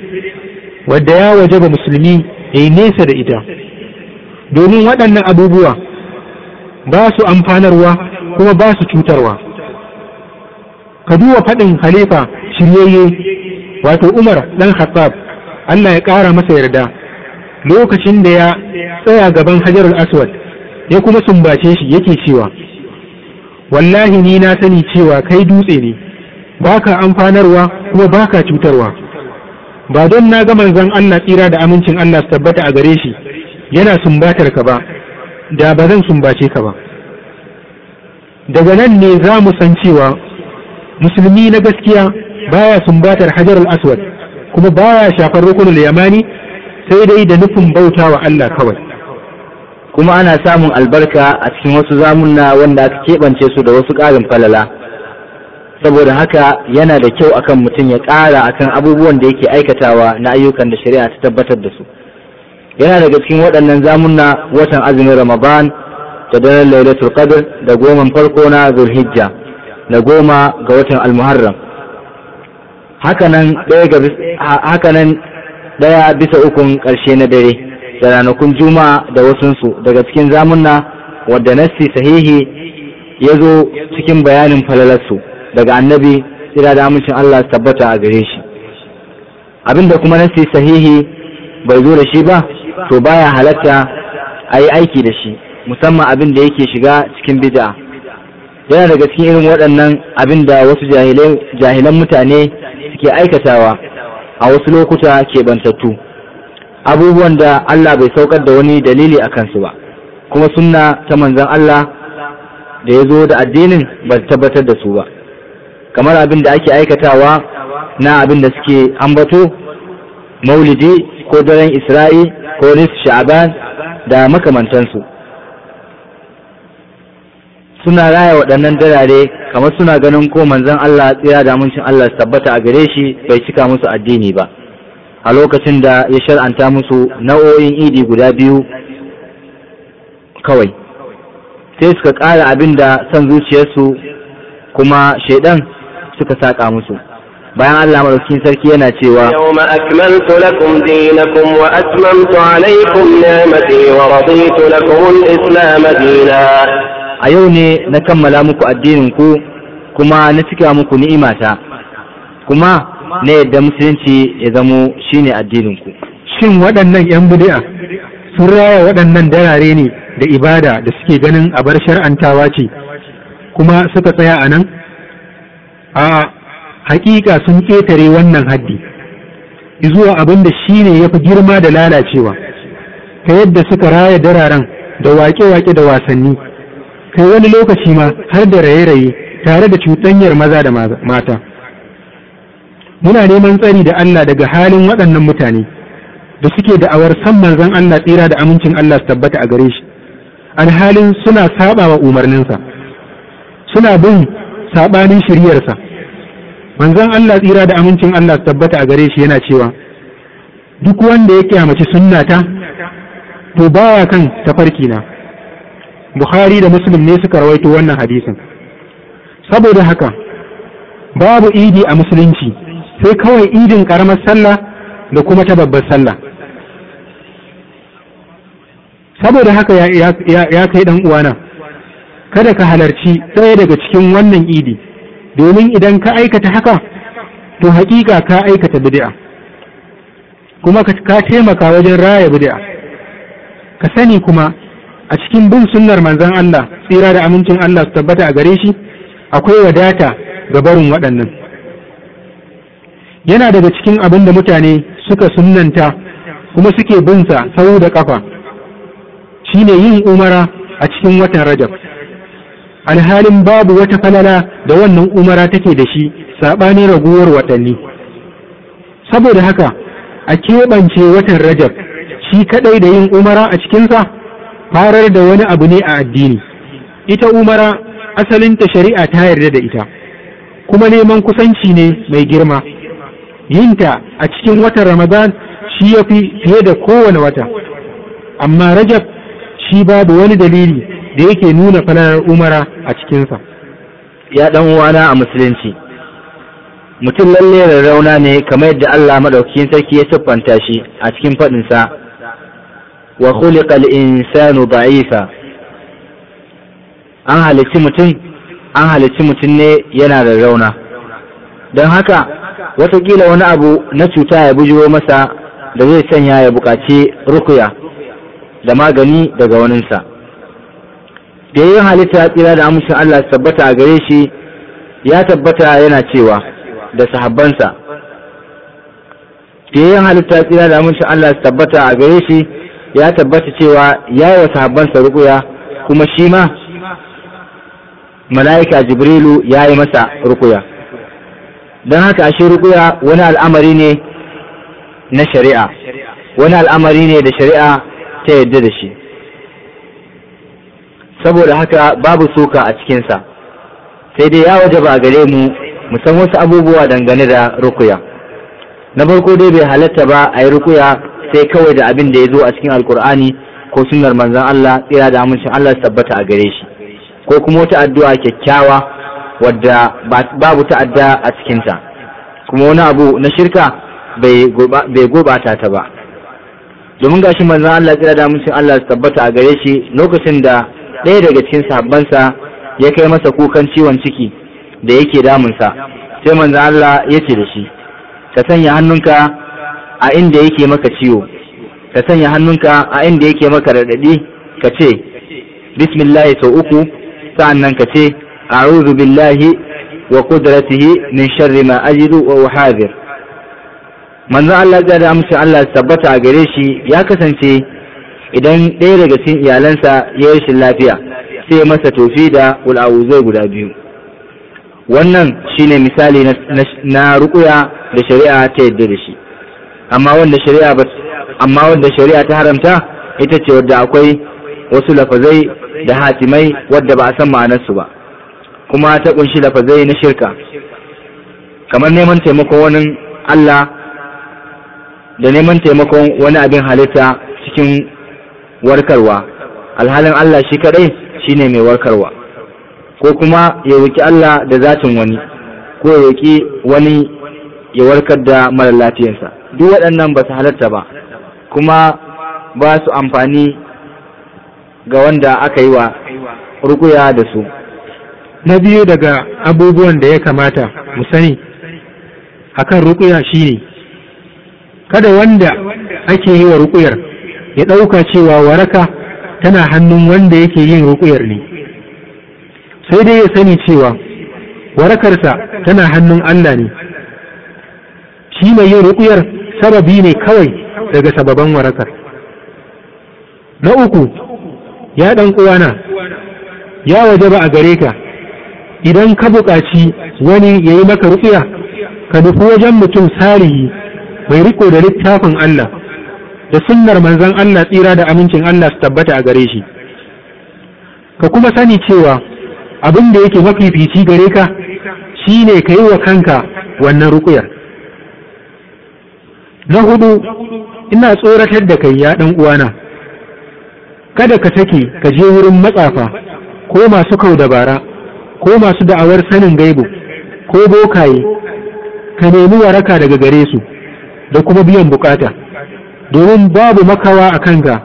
wadda ya waje ba musulmi ya yi nesa da ita domin waɗannan abubuwa ba su amfanarwa kuma ba su cutarwa ka duba faɗin halifa shiryayye wato Umar dan Khattab Allah ya ƙara masa yarda lokacin da ya tsaya gaban Hajarul Aswad ya kuma sumbace shi yake cewa wallahi ni na sani cewa kai dutse ne baka amfanarwa kuma baka cutarwa ba don na ga manzon Allah tsira da amincin Allah su tabbata a gare shi yana sumbatar ka ba da ba zan sumbace ka ba daga nan ne za mu san cewa musulmi na gaskiya baya sumbatar hajar aswad kuma baya shafar rukunul yamani sai dai da nufin bauta wa Allah kawai kuma ana samun albarka a cikin wasu zamunna wanda aka keɓance su da wasu ƙarin falala saboda haka yana da kyau akan mutum ya ƙara akan abubuwan da yake aikatawa na ayyukan da shari'a ta tabbatar da su yana daga cikin waɗannan zamunna watan azumin ramadan da daren lailatul qadr da goma farko na zulhijja da goma ga watan almuharram hakanan ɗaya ga bisa ukun ƙarshe na dare da ranakun juma'a da wasunsu daga cikin zamunna wadda nassi sahihi ya zo cikin bayanin falalarsu daga annabi tsira da amincin Allah tabbata a gare shi abinda kuma nassi sahihi bai zo da shi ba to baya halatta a yi aiki da shi musamman abin da yake shiga cikin bid'a yana daga cikin irin waɗannan abin da wasu jahilan mutane ke aikatawa a wasu lokuta keɓantattu abubuwan da Allah bai saukar da wani dalili a kansu ba kuma sunna ta manzon Allah da ya zo da addinin ba tabbatar da su ba kamar abin da ake aikatawa na abin da suke ambato maulidi ko daren isra'i ko nis sha'aban da makamantansu suna raya waɗannan darare kamar suna ganin ko manzon Allah tsira da muncin Allah tabbata a gare shi bai cika musu addini ba a lokacin da ya shar'anta musu nau'o'in idi guda biyu kawai sai suka ƙara abin da son zuciyarsu kuma shaidan suka saƙa musu bayan Allah madaukakin sarki yana cewa yawma lakum dinakum wa atmamtu alaykum ni'mati wa raditu lakum al-islam a yau ne na kammala muku addinin ku kuma na cika muku ni'imata kuma na yadda musulunci ya zamo shine addinin ku shin waɗannan 'yan bid'a sun raya waɗannan darare ne da ibada da suke ganin a bar shar'antawa ce kuma suka tsaya a nan a hakika sun ƙetare wannan haddi zuwa abin da shi ne ya fi girma da lalacewa ta yadda suka raya dararen da waƙe-waƙe da wasanni kai wani lokaci ma har da raye-raye tare da cutanyar maza da mata muna neman tsari da Allah daga halin waɗannan mutane da suke da'awar san manzon Allah tsira da amincin Allah su tabbata a gare shi alhalin suna saba wa umarninsa suna bin saɓanin shiryarsa manzon Allah tsira da amincin Allah su tabbata a gare shi yana cewa duk wanda ya kyamaci sunnata to baya kan tafarki na bukhari da muslim ne suka rawaito wannan hadisin saboda haka babu idi a musulunci sai kawai idin karamar sallah da kuma ta babbar sallah saboda haka ya kai dan uwana kada ka halarci ɗaya daga cikin wannan idi domin idan ka aikata haka to hakika ka aikata bid'a kuma ka taimaka wajen raya bid'a ka sani kuma a cikin bin sunnar manzon Allah tsira da amincin Allah su tabbata a gare shi akwai wadata ga barin waɗannan yana daga cikin abin da mutane suka sunnanta kuma suke binsa sau da ƙafa shine yin umara a cikin watan rajab alhalin babu wata falala da wannan umara take da shi saɓanin raguwar watanni saboda haka a keɓance watan rajab shi kaɗai da yin umara a cikinsa farar da wani abu ne a addini ita umara asalinta shari'a ta yarda da ita kuma neman kusanci ne mai girma yinta a cikin watan ramadan shi ya fi fiye da kowane wata amma rajab shi babu wani dalili da yake nuna falalar umara a cikinsa ya ɗan uwana a musulunci mutum lalle rarrauna ne kamar yadda Allah madaukakin sarki ya siffanta shi a cikin faɗinsa wa khuliqal insanu da'ifa an halicci mutum an halicci mutum ne yana da rauna don haka watakila wani abu na cuta ya bujiro masa da zai sanya ya buƙaci rukuya da magani daga waninsa da yin halitta ya tsira da amincin Allah tabbata a gare shi ya tabbata yana cewa da sahabbansa da yin halitta ya tsira da amincin Allah tabbata a gare shi ya tabbata cewa ya yi wa sahabbansa rukuya kuma shi ma mala'ika jibrilu ya yi masa rukuya don haka ashe rukuya wani al'amari ne na shari'a wani al'amari ne da shari'a ta yadda da shi saboda haka babu suka a cikinsa sai dai ya waje ba a gare mu san wasu abubuwa dangane da rukuya na farko dai bai halatta ba a yi rukuya sai kawai da abin da ya zo a cikin alkur'ani ko sunnar Manzan Allah tsira da amincin Allah tabbata a gare shi ko kuma wata addu'a kyakkyawa wadda babu ta'adda a cikinta kuma wani abu na shirka bai gobata ta ba domin gashi Manzan Allah tsira da amincin Allah tabbata a gare shi lokacin da ɗaya daga cikin sahabbansa ya kai masa kukan ciwon ciki da yake damunsa sai Manzan Allah ya ce da shi ka sanya hannunka a inda yake maka ciwo ka sanya hannunka a inda yake maka raɗaɗi ka ce bismillahi sau uku sa'annan ka ce a'udhu billahi wa qudratihi min sharri ma ajidu wa uhadir manzon Allah ya da amsa Allah tabbata a gare shi ya kasance idan ɗaya daga cikin iyalansa ya yi rashin lafiya sai masa tofi da zai guda biyu wannan shine misali na ruƙuya da shari'a ta yadda da shi amma wanda shari'a ba amma wanda shari'a ta haramta ita ce wadda akwai wasu lafazai da hatimai wadda ba a san ma'anarsu ba kuma ta kunshi lafazai na shirka kamar neman taimakon wani Allah da neman taimakon wani abin halitta cikin warkarwa alhalin Allah shi kadai shine mai warkarwa ko kuma ya roki Allah da zatin wani ko ya roki wani ya warkar da mara lafiyarsa duk waɗannan ba su halatta ba kuma ba su amfani ga wanda aka yi wa rukuya da su na biyu daga abubuwan da ya kamata mu sani akan rukuya shine kada wanda ake yi wa rukuyar ya ɗauka cewa waraka tana hannun wanda yake yin rukuyar ne sai dai ya sani cewa warakarsa tana hannun Allah ne shi mai yin rukuyar sababi ne kawai daga sababan warakar na uku ya ɗan uwana ya waje ba a gare ka idan ka buƙaci wani ya yi maka rufiya ka nufi wajen mutum sarihi mai riko da littafin Allah da sunnar manzan Allah tsira da amincin Allah su tabbata a gare shi ka kuma sani cewa abin da yake mafifici gare ka shine ka yi wa kanka wannan rukuyar na hudu ina tsoratar da kai ya ɗan uwana kada ka take ka je wurin matsafa ko masu kau dabara ko masu da'awar sanin gaibu ko bokaye ka nemi waraka daga gare su da kuma biyan bukata domin babu makawa a kanka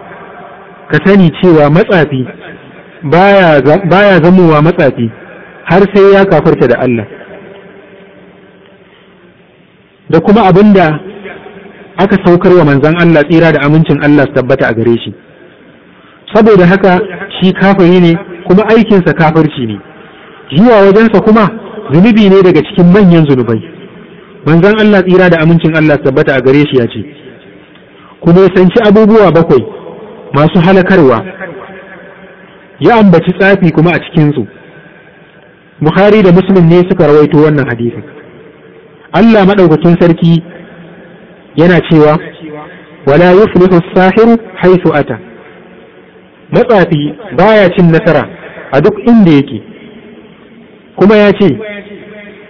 ka sani cewa matsafi baya zamowa matsafi har sai ya kafarta da Allah da kuma abinda aka saukar wa manzan Allah tsira da amincin Allah su tabbata a gare shi saboda haka shi kafiri ne kuma aikinsa kafirci ne zuwa wajensa kuma zunubi ne daga cikin manyan zunubai Manzan Allah tsira da amincin Allah su tabbata a gare shi ya ce ku nisanci abubuwa bakwai masu halakarwa ya ambaci tsafi kuma a cikinsu Bukhari da Muslim ne suka rawaito wannan hadisin Allah maɗaukacin sarki yana cewa wala yuflihu sahir haythu ata matsafi baya cin nasara a duk inda yake kuma ya ce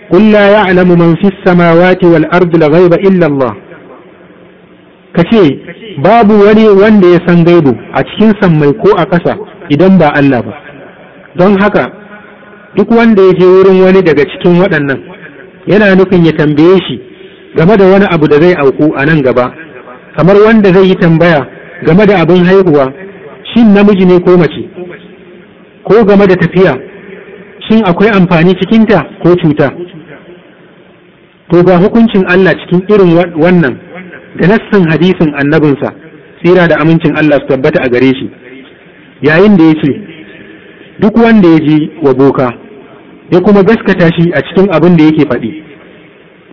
قل لا يعلم من في السماوات والأرض الغيب إلا الله kace babu wani wanda ya san gaibu a cikin mai ko a ƙasa idan ba Allah ba don haka duk wanda ya je wurin wani daga cikin waɗannan yana nufin ya tambaye shi game da wani abu da zai auku a nan gaba kamar wanda zai yi tambaya game da abin haihuwa shin namiji ne ko mace ko game da tafiya shin akwai amfani cikinta ko cuta to ga hukuncin Allah cikin irin wannan da nassin hadisin annabinsa tsira da amincin Allah su tabbata a gare shi yayin da ya ce duk wanda ya ji wa boka ya kuma gaskata shi a cikin abin da yake faɗi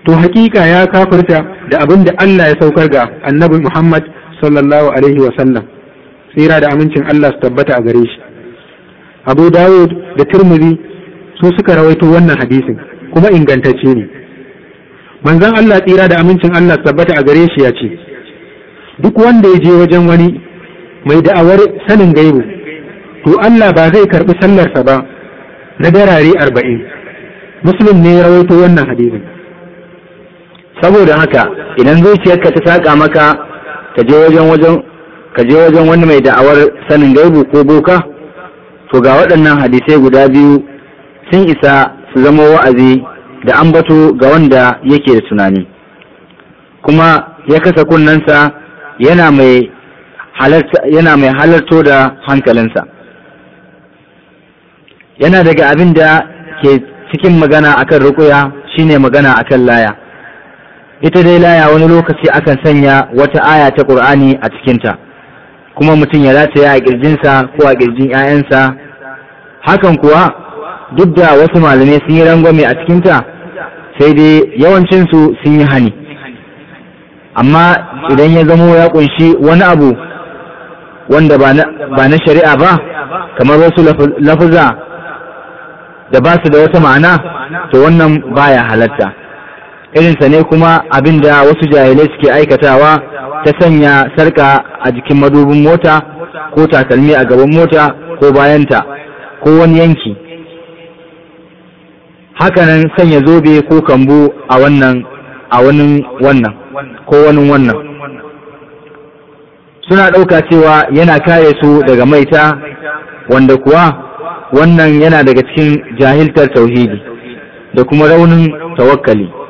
to haƙiƙa ya kafirta da abin da Allah ya saukar ga annabi Muhammad sallallahu alaihi wa sallam tsira da amincin Allah su tabbata a gare shi Abu Dawud da Tirmidhi su suka rawaito wannan hadisin kuma ingantacce ne manzon Allah tsira da amincin Allah su tabbata a gare shi ya ce duk wanda ya je wajen wani mai da'awar sanin gaibu to Allah ba zai karɓi sallarsa ba na darare arba'in muslim ne ya rawaito wannan hadisin saboda haka idan zuciyarka ta saka maka ka je wajen wajen ka je wajen wani mai da'awar sanin gaibu ko boka to ga waɗannan hadisai guda biyu sun isa su zama wa'azi da ambato ga wanda yake da tunani kuma ya kasa kunnensa yana mai yana mai halarto da hankalinsa yana daga abin da ke cikin magana akan rukuya shine magana akan laya ita dai laya wani lokaci akan sanya wata aya ta ƙur'ani a cikinta kuma mutum ya rataya a ƙirjinsa ko a ƙirjin 'ya'yansa hakan kuwa duk da wasu malamai sun yi rangwame a cikinta sai dai yawancin su sun yi hani amma idan ya zamo ya ƙunshi wani abu wanda ba na shari'a ba kamar wasu lafuza da ba su da wata ma'ana to wannan baya halatta irinsa ne kuma abin da wasu jahilai suke aikatawa ta sanya sarka a jikin madubin mota ko takalmi a gaban mota ko bayanta ko wani yanki hakanan sanya zobe ko kambu a wannan a wani wannan ko wani wannan suna ɗauka cewa yana kare su daga maita wanda kuwa wannan yana daga cikin jahiltar tauhidi da kuma raunin tawakkali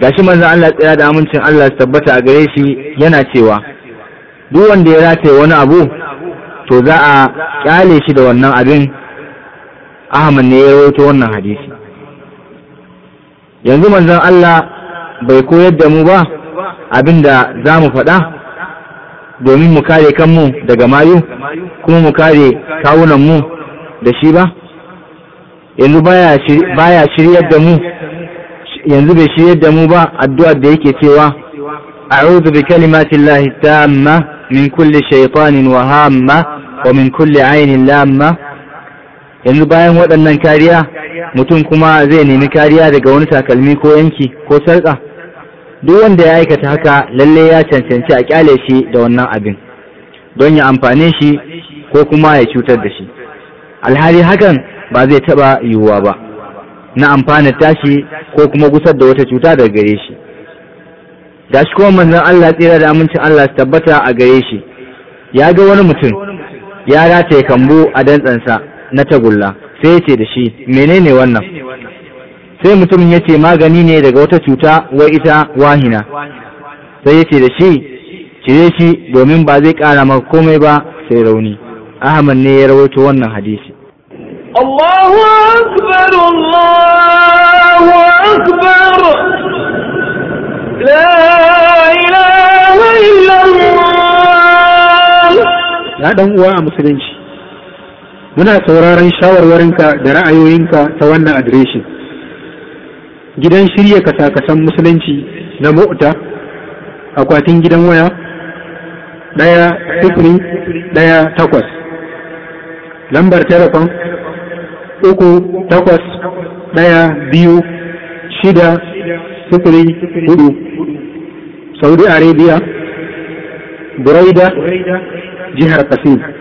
gashi manzon Allah tsira da amincin Allah su tabbata a gare shi yana cewa duk wanda ya rataye wani abu to za a kyale shi da wannan abin Ahmad ne ya rawaito wannan hadisi yanzu manzan Allah bai koyar da mu ba abin da za mu faɗa domin mu kare kanmu daga mayu kuma mu kare kawunanmu da shi ba yanzu baya shiryar da mu yanzu bai shirye da mu ba addu'ar da yake cewa a'udhu bi llahi tamma min kulli shaytanin wa hamma wa min kulli ainin lamma yanzu bayan waɗannan kariya mutum kuma zai nemi kariya daga wani takalmi ko yanki ko sarƙa duk wanda ya aikata haka lalle ya cancanci a kyale shi da wannan abin don ya amfane shi ko kuma ya cutar da shi alhali hakan ba zai taɓa yiwuwa ba na amfanar tashi ko kuma gusar da wata cuta daga gare shi da shi kuma manzon Allah tsira da amincin Allah su tabbata a gare shi ya ga wani mutum ya rataye kambo a dantsansa na tagulla sai ya ce da shi menene wannan sai mutumin ya ce magani ne daga wata cuta wai ita wahina sai ya ce da shi cire shi domin ba zai kara maka komai ba sai rauni ahmad ne ya rawaito wannan hadisi الله أكبر الله أكبر لا إله إلا الله يا دم musulunci muna sauraron shawarwarinka da ra'ayoyinka ta wannan adireshin gidan shirya kasakasan musulunci na mota akwatin gidan waya ɗaya sifiri ɗaya takwas lambar telefon uku takwas ɗaya biyu shida sifiri hudu saudi arabia buraida jihar kasim